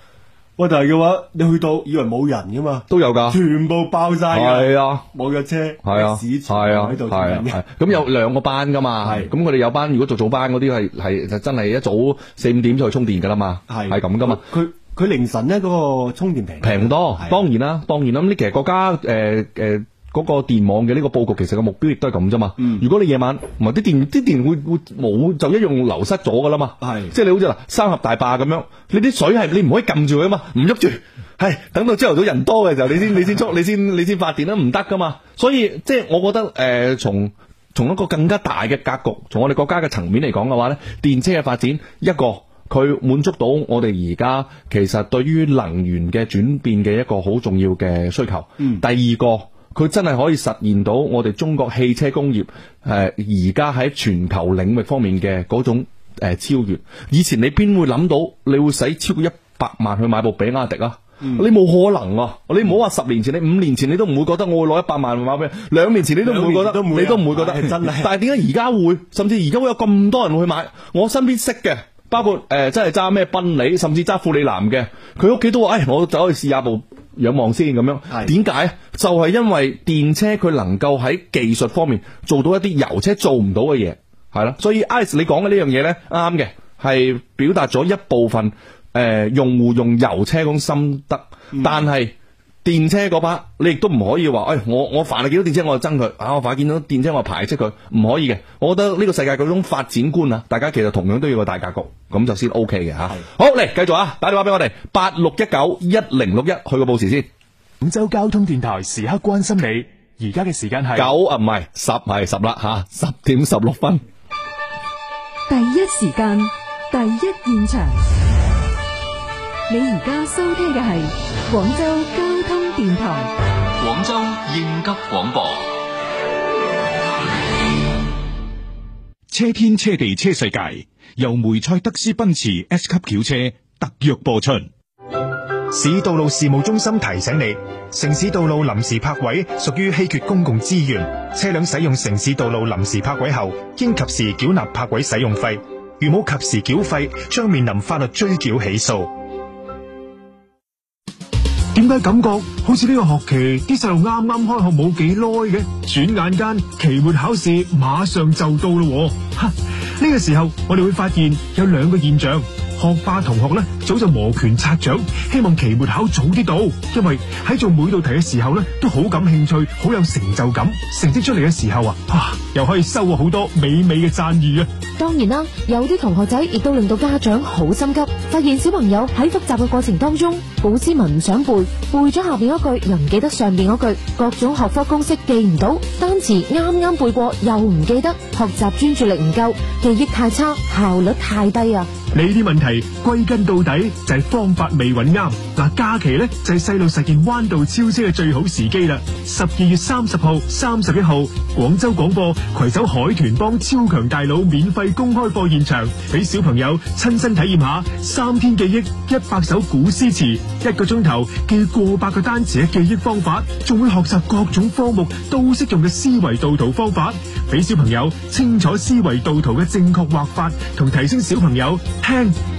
喂，但係嘅話，你去到以為冇人噶嘛？都有噶，全部爆晒係啊，冇嘅車，係啊，屎全喺度，係咁有兩個班噶嘛，咁佢哋有班如果做早班嗰啲係係就真係一早四五點就去充電噶啦嘛，係係咁噶嘛，佢佢凌晨咧嗰個充電平平多，當然啦，當然啦，咁呢其實國家誒誒。嗰個電網嘅呢個佈局，其實個目標亦都係咁啫嘛。嗯、如果你夜晚唔係啲電啲電會會冇，就一樣流失咗噶啦嘛。係是即係你好似嗱三峽大壩咁樣，你啲水係你唔可以撳住佢啊嘛，唔喐住係等到朝頭早人多嘅時候，你先你先充，你先你先發電啦、啊，唔得噶嘛。所以即係我覺得誒、呃，從從一個更加大嘅格局，從我哋國家嘅層面嚟講嘅話咧，電車嘅發展一個佢滿足到我哋而家其實對於能源嘅轉變嘅一個好重要嘅需求。嗯、第二個。佢真係可以實現到我哋中國汽車工業誒而家喺全球領域方面嘅嗰種、呃、超越。以前你邊會諗到你會使超過一百萬去買部比亞迪啊？嗯、你冇可能啊！你唔好話十年前，你五年前你都唔會覺得我會攞一百萬去買咩？兩年前你都唔會，會覺得你都唔會覺得係真嘅。 (laughs) 但係點解而家會？甚至而家會有咁多人去買？我身邊識嘅，包括誒、嗯呃、真係揸咩賓利，甚至揸庫里南嘅，佢屋企都話，哎，我走去試，試一下一部。仰望先咁樣，點解？ (noise) 就係因為電車佢能夠喺技術方面做到一啲油車做唔到嘅嘢，係啦，所以 Ice 你講嘅呢樣嘢呢，啱嘅，係表達咗一部分誒、呃、用戶用油車嗰種心得，嗯、但係。電車嗰把，你亦都唔可以話，誒、哎，我我凡係見到電車，我就憎佢，啊，我凡係見到電車，我就排斥佢，唔可以嘅。我覺得呢個世界嗰種發展觀啊，大家其實同樣都要個大格局，咁就先 OK 嘅吓。啊、的好，嚟繼續啊，打電話俾我哋八六一九一零六一，61, 去個報時先。廣州交通電台時刻關心你，而家嘅時間係九啊，唔係十，係十啦吓，十、啊、點十六分。第一時間，第一現場，現場你而家收聽嘅係廣州交。電台廣州應急廣播，車天車地車世界由梅賽德斯奔馳 S 級轎車特約播出。市道路事務中心提醒你：城市道路臨時泊位屬於稀缺公共資源，車輛使用城市道路臨時泊位後，應及時繳納泊位使用費。如冇及時繳費，將面臨法律追繳起訴。感覺好似呢個學期啲細路啱啱開學冇幾耐嘅，轉眼間期末考試馬上就到咯。哈、啊！呢個時候我哋會發現有兩個現象。學霸同學咧，早就摩拳擦掌，希望期末考早啲到，因為喺做每道題嘅時候咧，都好感興趣，好有成就感。成績出嚟嘅時候啊，啊，又可以收穫好多美美嘅讚譽啊！當然啦、啊，有啲同學仔亦都令到家長好心急，發現小朋友喺復習嘅過程當中，古詩文唔想背，背咗下邊嗰句又唔記得上邊嗰句，各種學科公式記唔到，單詞啱啱背過又唔記得，學習專注力唔夠，記憶太差，效率太低啊！呢啲問題。歸根到底就係、是、方法未揾啱嗱，假期呢，就係細路實現彎道超車嘅最好時機啦！十二月三十號、三十一號，廣州廣播攜手海豚幫超強大佬免費公開課現場，俾小朋友親身體驗下三天記憶、一百首古詩詞、一個鐘頭記過百個單詞嘅記憶方法，仲會學習各種科目都適用嘅思維導圖方法，俾小朋友清楚思維導圖嘅正確畫法，同提升小朋友聽。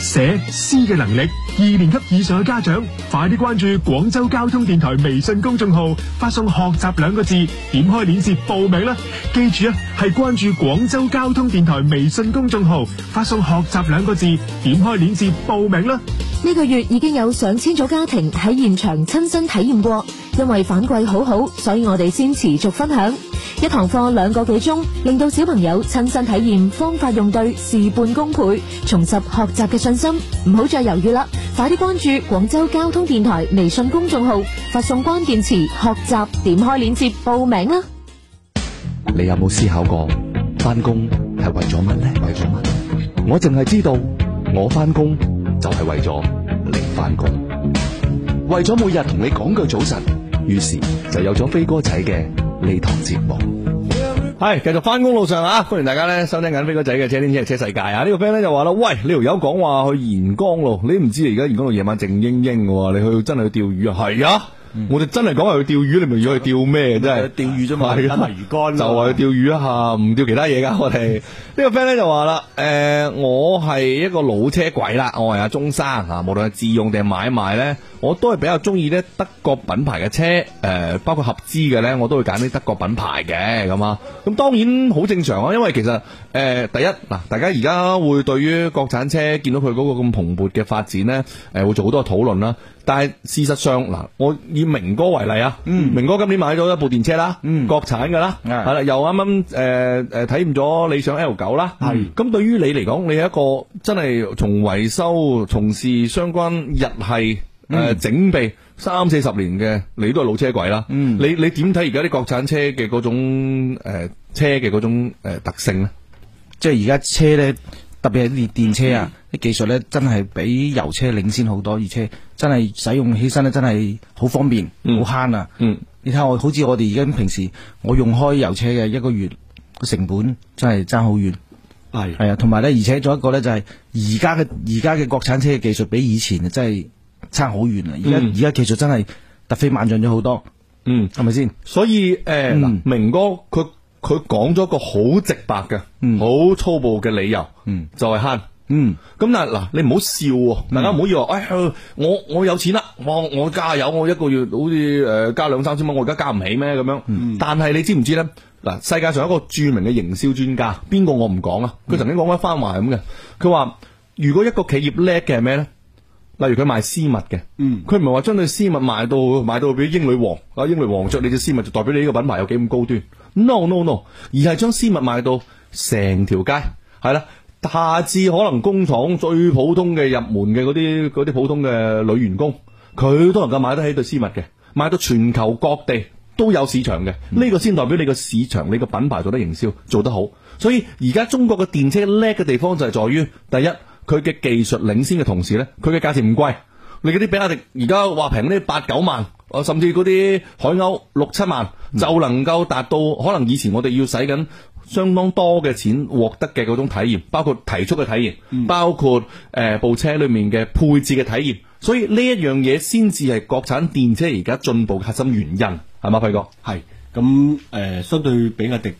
寫詩嘅能力，二年級以上嘅家長快啲關注廣州交通電台微信公眾號，發送學習兩個字，點開鏈接報名啦！記住啊，係關注廣州交通電台微信公眾號，發送學習兩個字，點開鏈接報名啦！呢個月已經有上千組家庭喺現場親身體驗過，因為反饋好好，所以我哋先持續分享一堂課兩個幾鐘，令到小朋友親身體驗方法用對，事半功倍，重拾學習嘅。心，唔好再猶豫啦，快啲關注廣州交通電台微信公眾號，發送關鍵詞“學習”，點開鏈接報名啦。你有冇思考過，翻工係為咗乜呢？為咗乜？我淨係知道，我翻工就係為咗你翻工，為咗每日同你講句早晨。於是就有咗飛哥仔嘅呢堂節目。係繼續翻工路上啊！歡迎大家咧收聽緊飛哥仔嘅車天車地車世界啊！這個、呢個 friend 咧就話啦，喂，你條友講話去沿江路，你唔知而家沿江路夜晚靜英英嘅喎，你去真係去釣魚啊？係啊、嗯，我哋真係講係去釣魚，你咪要去釣咩？嗯、真係的釣魚啫嘛，揀埋魚竿，就係去釣魚啊，魚釣魚下，唔釣其他嘢噶。我哋 (laughs) 呢個 friend 咧就話啦，誒、呃，我係一個老車鬼啦，我係阿中山啊，無論係自用定買賣咧。我都係比較中意呢德國品牌嘅車，誒、呃，包括合資嘅呢，我都會揀啲德國品牌嘅咁啊。咁當然好正常啊，因為其實誒、呃，第一嗱，大家而家會對於國產車見到佢嗰個咁蓬勃嘅發展呢，誒、呃，會做好多討論啦。但係事實上嗱、呃，我以明哥為例啊，嗯、明哥今年買咗一部電車啦，嗯、國產㗎啦，係啦的，又啱啱誒誒體驗咗理想 L 九啦，咁的、嗯、對於你嚟講，你係一個真係從維修從事相關日系。誒，嗯、整備三四十年嘅，你都係老車鬼啦。嗯，你，你你點睇而家啲國產車嘅嗰種誒、呃、車嘅嗰種、呃、特性呢？即係而家車咧，特別係啲電車啊，啲、嗯、技術咧真係比油車領先好多，而且真係使用起身咧真係好方便，好、嗯、慳啊！嗯，你睇我，好似我哋而家平時我用開油車嘅一個月個成本，真係爭好遠。係係啊，同埋咧，而且仲有一個咧就係而家嘅而家嘅國產車嘅技，技術比以前真係。真差好遠啊！而家而家技術真係突飛猛進咗好多，嗯是是，係咪先？所以誒，嗱、呃，嗯、明哥佢佢講咗個好直白嘅，好、嗯、粗暴嘅理由，嗯就慳，就係慳，嗯。咁但係嗱，你唔好笑喎，大家唔好以為，哎，我我有錢啦，我我加油，我一個月好似誒加兩三千蚊，我而家加唔起咩咁樣？嗯、但係你知唔知咧？嗱，世界上一個著名嘅營銷專家，邊個我唔講啊？佢曾經講過一番話咁嘅，佢話如果一個企業叻嘅係咩咧？例如佢賣絲襪嘅，佢唔係話將對絲襪賣到賣到俾英女王啊，英女王着你隻絲襪就代表你呢個品牌有幾咁高端？No No No，而係將絲襪賣到成條街，係啦，下至可能工廠最普通嘅入門嘅嗰啲嗰啲普通嘅女員工，佢都能夠買得起對絲襪嘅，賣到全球各地都有市場嘅，呢、嗯、個先代表你個市場，你個品牌做得營銷做得好。所以而家中國嘅電車叻嘅地方就係在於第一。佢嘅技術領先嘅同時呢，佢嘅價錢唔貴。你嗰啲比亞迪而家話平啲八九萬，甚至嗰啲海鷗六七萬、嗯、就能夠達到可能以前我哋要使緊相當多嘅錢獲得嘅嗰種體驗，包括提速嘅體驗，嗯、包括誒、呃、部車裏面嘅配置嘅體驗。所以呢一樣嘢先至係國產電車而家進步核心原因，係嘛，輝哥係咁誒，相對比亞迪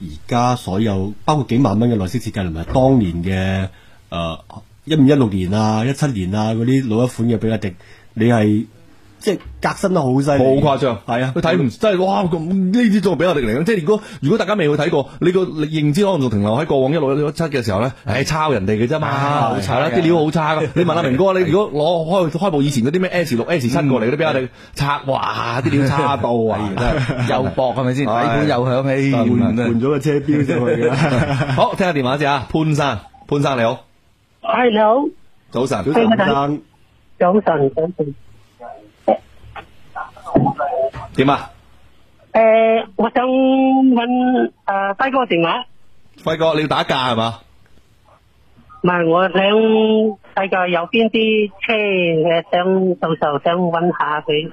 而家所有包括幾萬蚊嘅內飾設計，同埋當年嘅。誒，一五、一六年啊，一七年啊，嗰啲老一款嘅比亞迪，你係即係革新得好犀利，好誇張，係啊，佢睇唔真係哇，咁呢啲仲比亞迪嚟緊。即係如果如果大家未去睇過，你個認知可能仲停留喺過往一六一七嘅時候咧。誒，抄人哋嘅啫嘛，好差啦，啲料好差。你問阿明哥，你如果攞開開部以前嗰啲咩 S 六 S 七過嚟，都比亞迪差，哇，啲料差到啊，又薄係咪先？又響起，換咗個車標上去。好，聽下電話先啊，潘生，潘生你好。係你好，早晨，早晨，早晨，早晨，點啊？誒，我想搵誒輝哥電話。輝哥，你要打架係嘛？唔係，我想睇下有邊啲車嘅，想到時候想搵下佢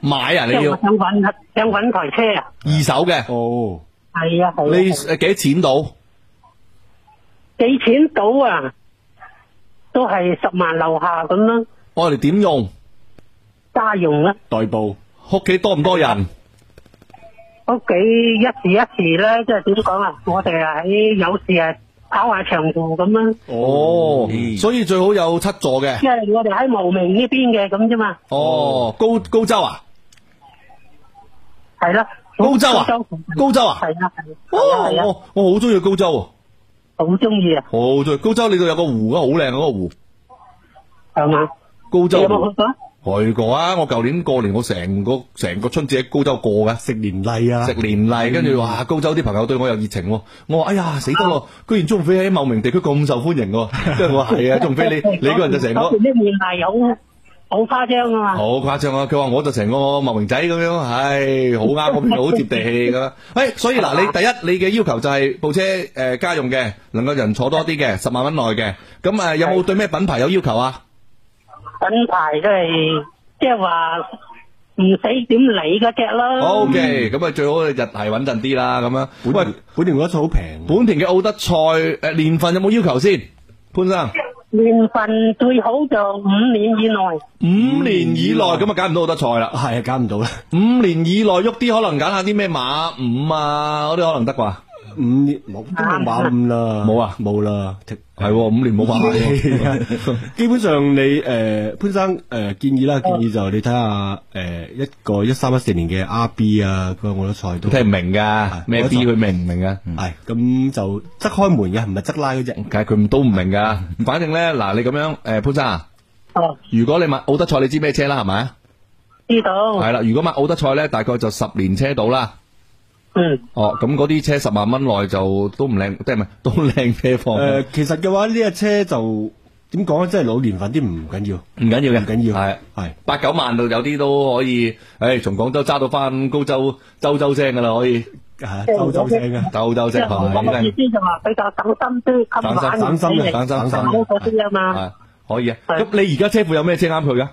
買啊！你要想搵想搵台車啊？二手嘅，哦，係啊，係。你誒幾錢到？幾錢到啊？都係十萬樓下咁啦，我哋點用家用啦？代步，屋企多唔多人？屋企一時一時咧，即係點講啊？我哋啊喺有時啊跑下長途咁啦。哦，所以最好有七座嘅。即係我哋喺茂名呢邊嘅咁啫嘛。哦，高高州啊？係啦，高州啊，高州啊，係啊係。哦，我我好中意高州。好中意啊！好中意高州，你度，有個湖啊，好靚嗰個湖，係嘛？高州有冇去過？去過啊！我舊年過年，我成個成個春節喺高州過噶，食年例啊，食年例，跟住話高州啲朋友對我有熱情，我話哎呀死得咯，居然鍾飛喺茂名地區咁受歡迎，跟住我話係啊，鍾飛你你個人就成個。食咩年例有？好誇張啊！好誇張啊！佢話我就成個茂名仔咁樣，唉，好啱個面，好接地氣噶。哎，所以嗱，你第一你嘅要求就係部車誒家用嘅，能夠人坐多啲嘅，十萬蚊內嘅。咁啊，有冇對咩品牌有要求啊？品牌都係即係話唔使點理嗰隻咯。OK，咁啊最好日系穩陣啲啦。咁樣，喂，本田嗰出好平，本田嘅奧德賽誒，年份有冇要求先，潘生？年份最好就五年以內，五年以內，咁啊揀唔到好多菜啦，係啊揀唔到啦。 (laughs) 五年以內喐啲可能揀下啲咩馬五啊，嗰啲可能得啩。五年冇冇買五啦，冇啊冇啦，係五年冇買五。基本上你誒，潘生誒建議啦，建議就你睇下誒一個一三一四年嘅 R B 啊，個奧德賽都睇唔明噶，咩 B 佢明唔明啊？係咁就側開門嘅，唔係側拉嗰隻，佢都唔明噶。反正咧嗱，你咁樣誒潘生，如果你買奧德賽，你知咩車啦係咪？知道係啦，如果買奧德賽咧，大概就十年車到啦。哦，咁嗰啲車十萬蚊內就都唔靚，即係唔係都靚車況。誒，其實嘅話呢隻車就點講咧，即係老年份啲唔緊要，唔緊要嘅，唔緊要係係八九萬度有啲都可以，誒，從廣州揸到翻高州州州聲噶啦，可以吓州州聲嘅州州聲係。咁嘅意思就話比較省心啲，慳錢啲嚟。省心啊，省心省心嗰啲啊嘛。係可以啊，咁你而家車庫有咩車啱佢啊？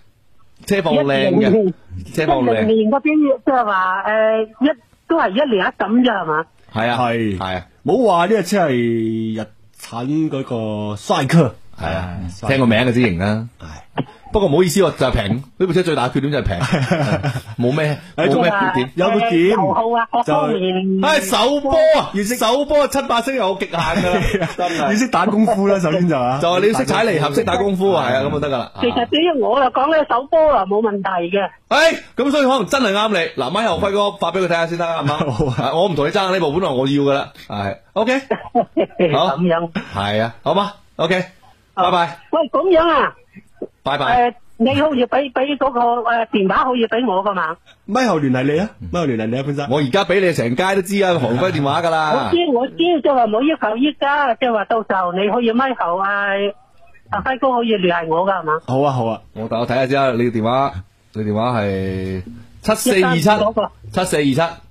車房靚嘅，年車房靚。嗰邊即係話，誒，一都係一年一咁咋係嘛？係啊，係，係啊，冇話呢個車係日產嗰個賽克。係啊，聽個名就知型啦。係，不過唔好意思，就係平，呢部車最大缺點就係平，冇咩，冇咩缺點，有冇點？好啊，當然，哎，手波啊，要識手波七八星又好極限啦，真係要識打功夫啦，首先就啊，就係你要識踩離合，識打功夫啊，係啊，咁就得噶啦。其實對於我嚟講咧，手波啊冇問題嘅。哎，咁所以可能真係啱你。嗱，馬友輝哥發俾佢睇下先得，係嘛？好啊，我唔同你爭呢部本來我要噶啦，係，OK，好咁樣，係啊，好嘛，OK。拜拜。Bye bye. 喂，咁樣啊？拜拜。誒，你好似俾俾嗰個誒電話可以俾我噶嘛？咪後聯繫你啊，咪後聯繫你啊，嗯、你先生。我而家俾你成街都知啊，鴻輝電話噶啦。我知我知，即係話冇要求依家，即係話到時候你可以咪後啊阿輝哥可以聯繫我噶係嘛？好，好啊好啊，我等我睇下先啊。你電話你電話係七四二七七四二七。的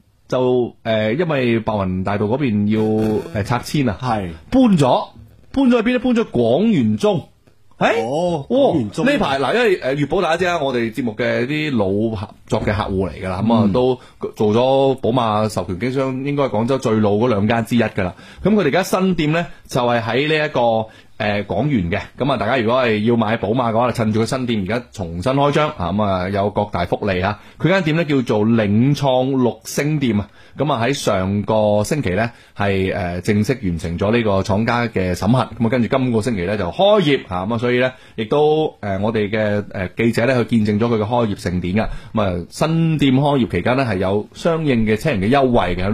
就誒、呃，因為白雲大道嗰邊要誒、呃、拆遷啊，係是搬咗，搬咗去邊咧？搬咗廣園中，誒、欸、哦，呢排嗱，因為誒粵、呃、寶大家知啦，我哋節目嘅啲老合作嘅客戶嚟㗎啦，咁啊、嗯、都做咗寶馬授權經商，應該係廣州最老嗰兩間之一㗎啦。咁佢哋而家新店咧，就係喺呢一個。誒講完嘅，咁啊，大家如果係要買寶馬嘅話，趁住佢新店而家重新開張嚇，咁啊有各大福利嚇。佢間店呢，叫做領創六星店啊，咁啊喺上個星期呢，係誒正式完成咗呢個廠家嘅審核，咁啊跟住今個星期呢，就開業嚇，咁啊所以呢，亦都誒我哋嘅誒記者呢，去見證咗佢嘅開業盛典啊。咁啊新店開業期間呢，係有相應嘅車型嘅優惠嘅。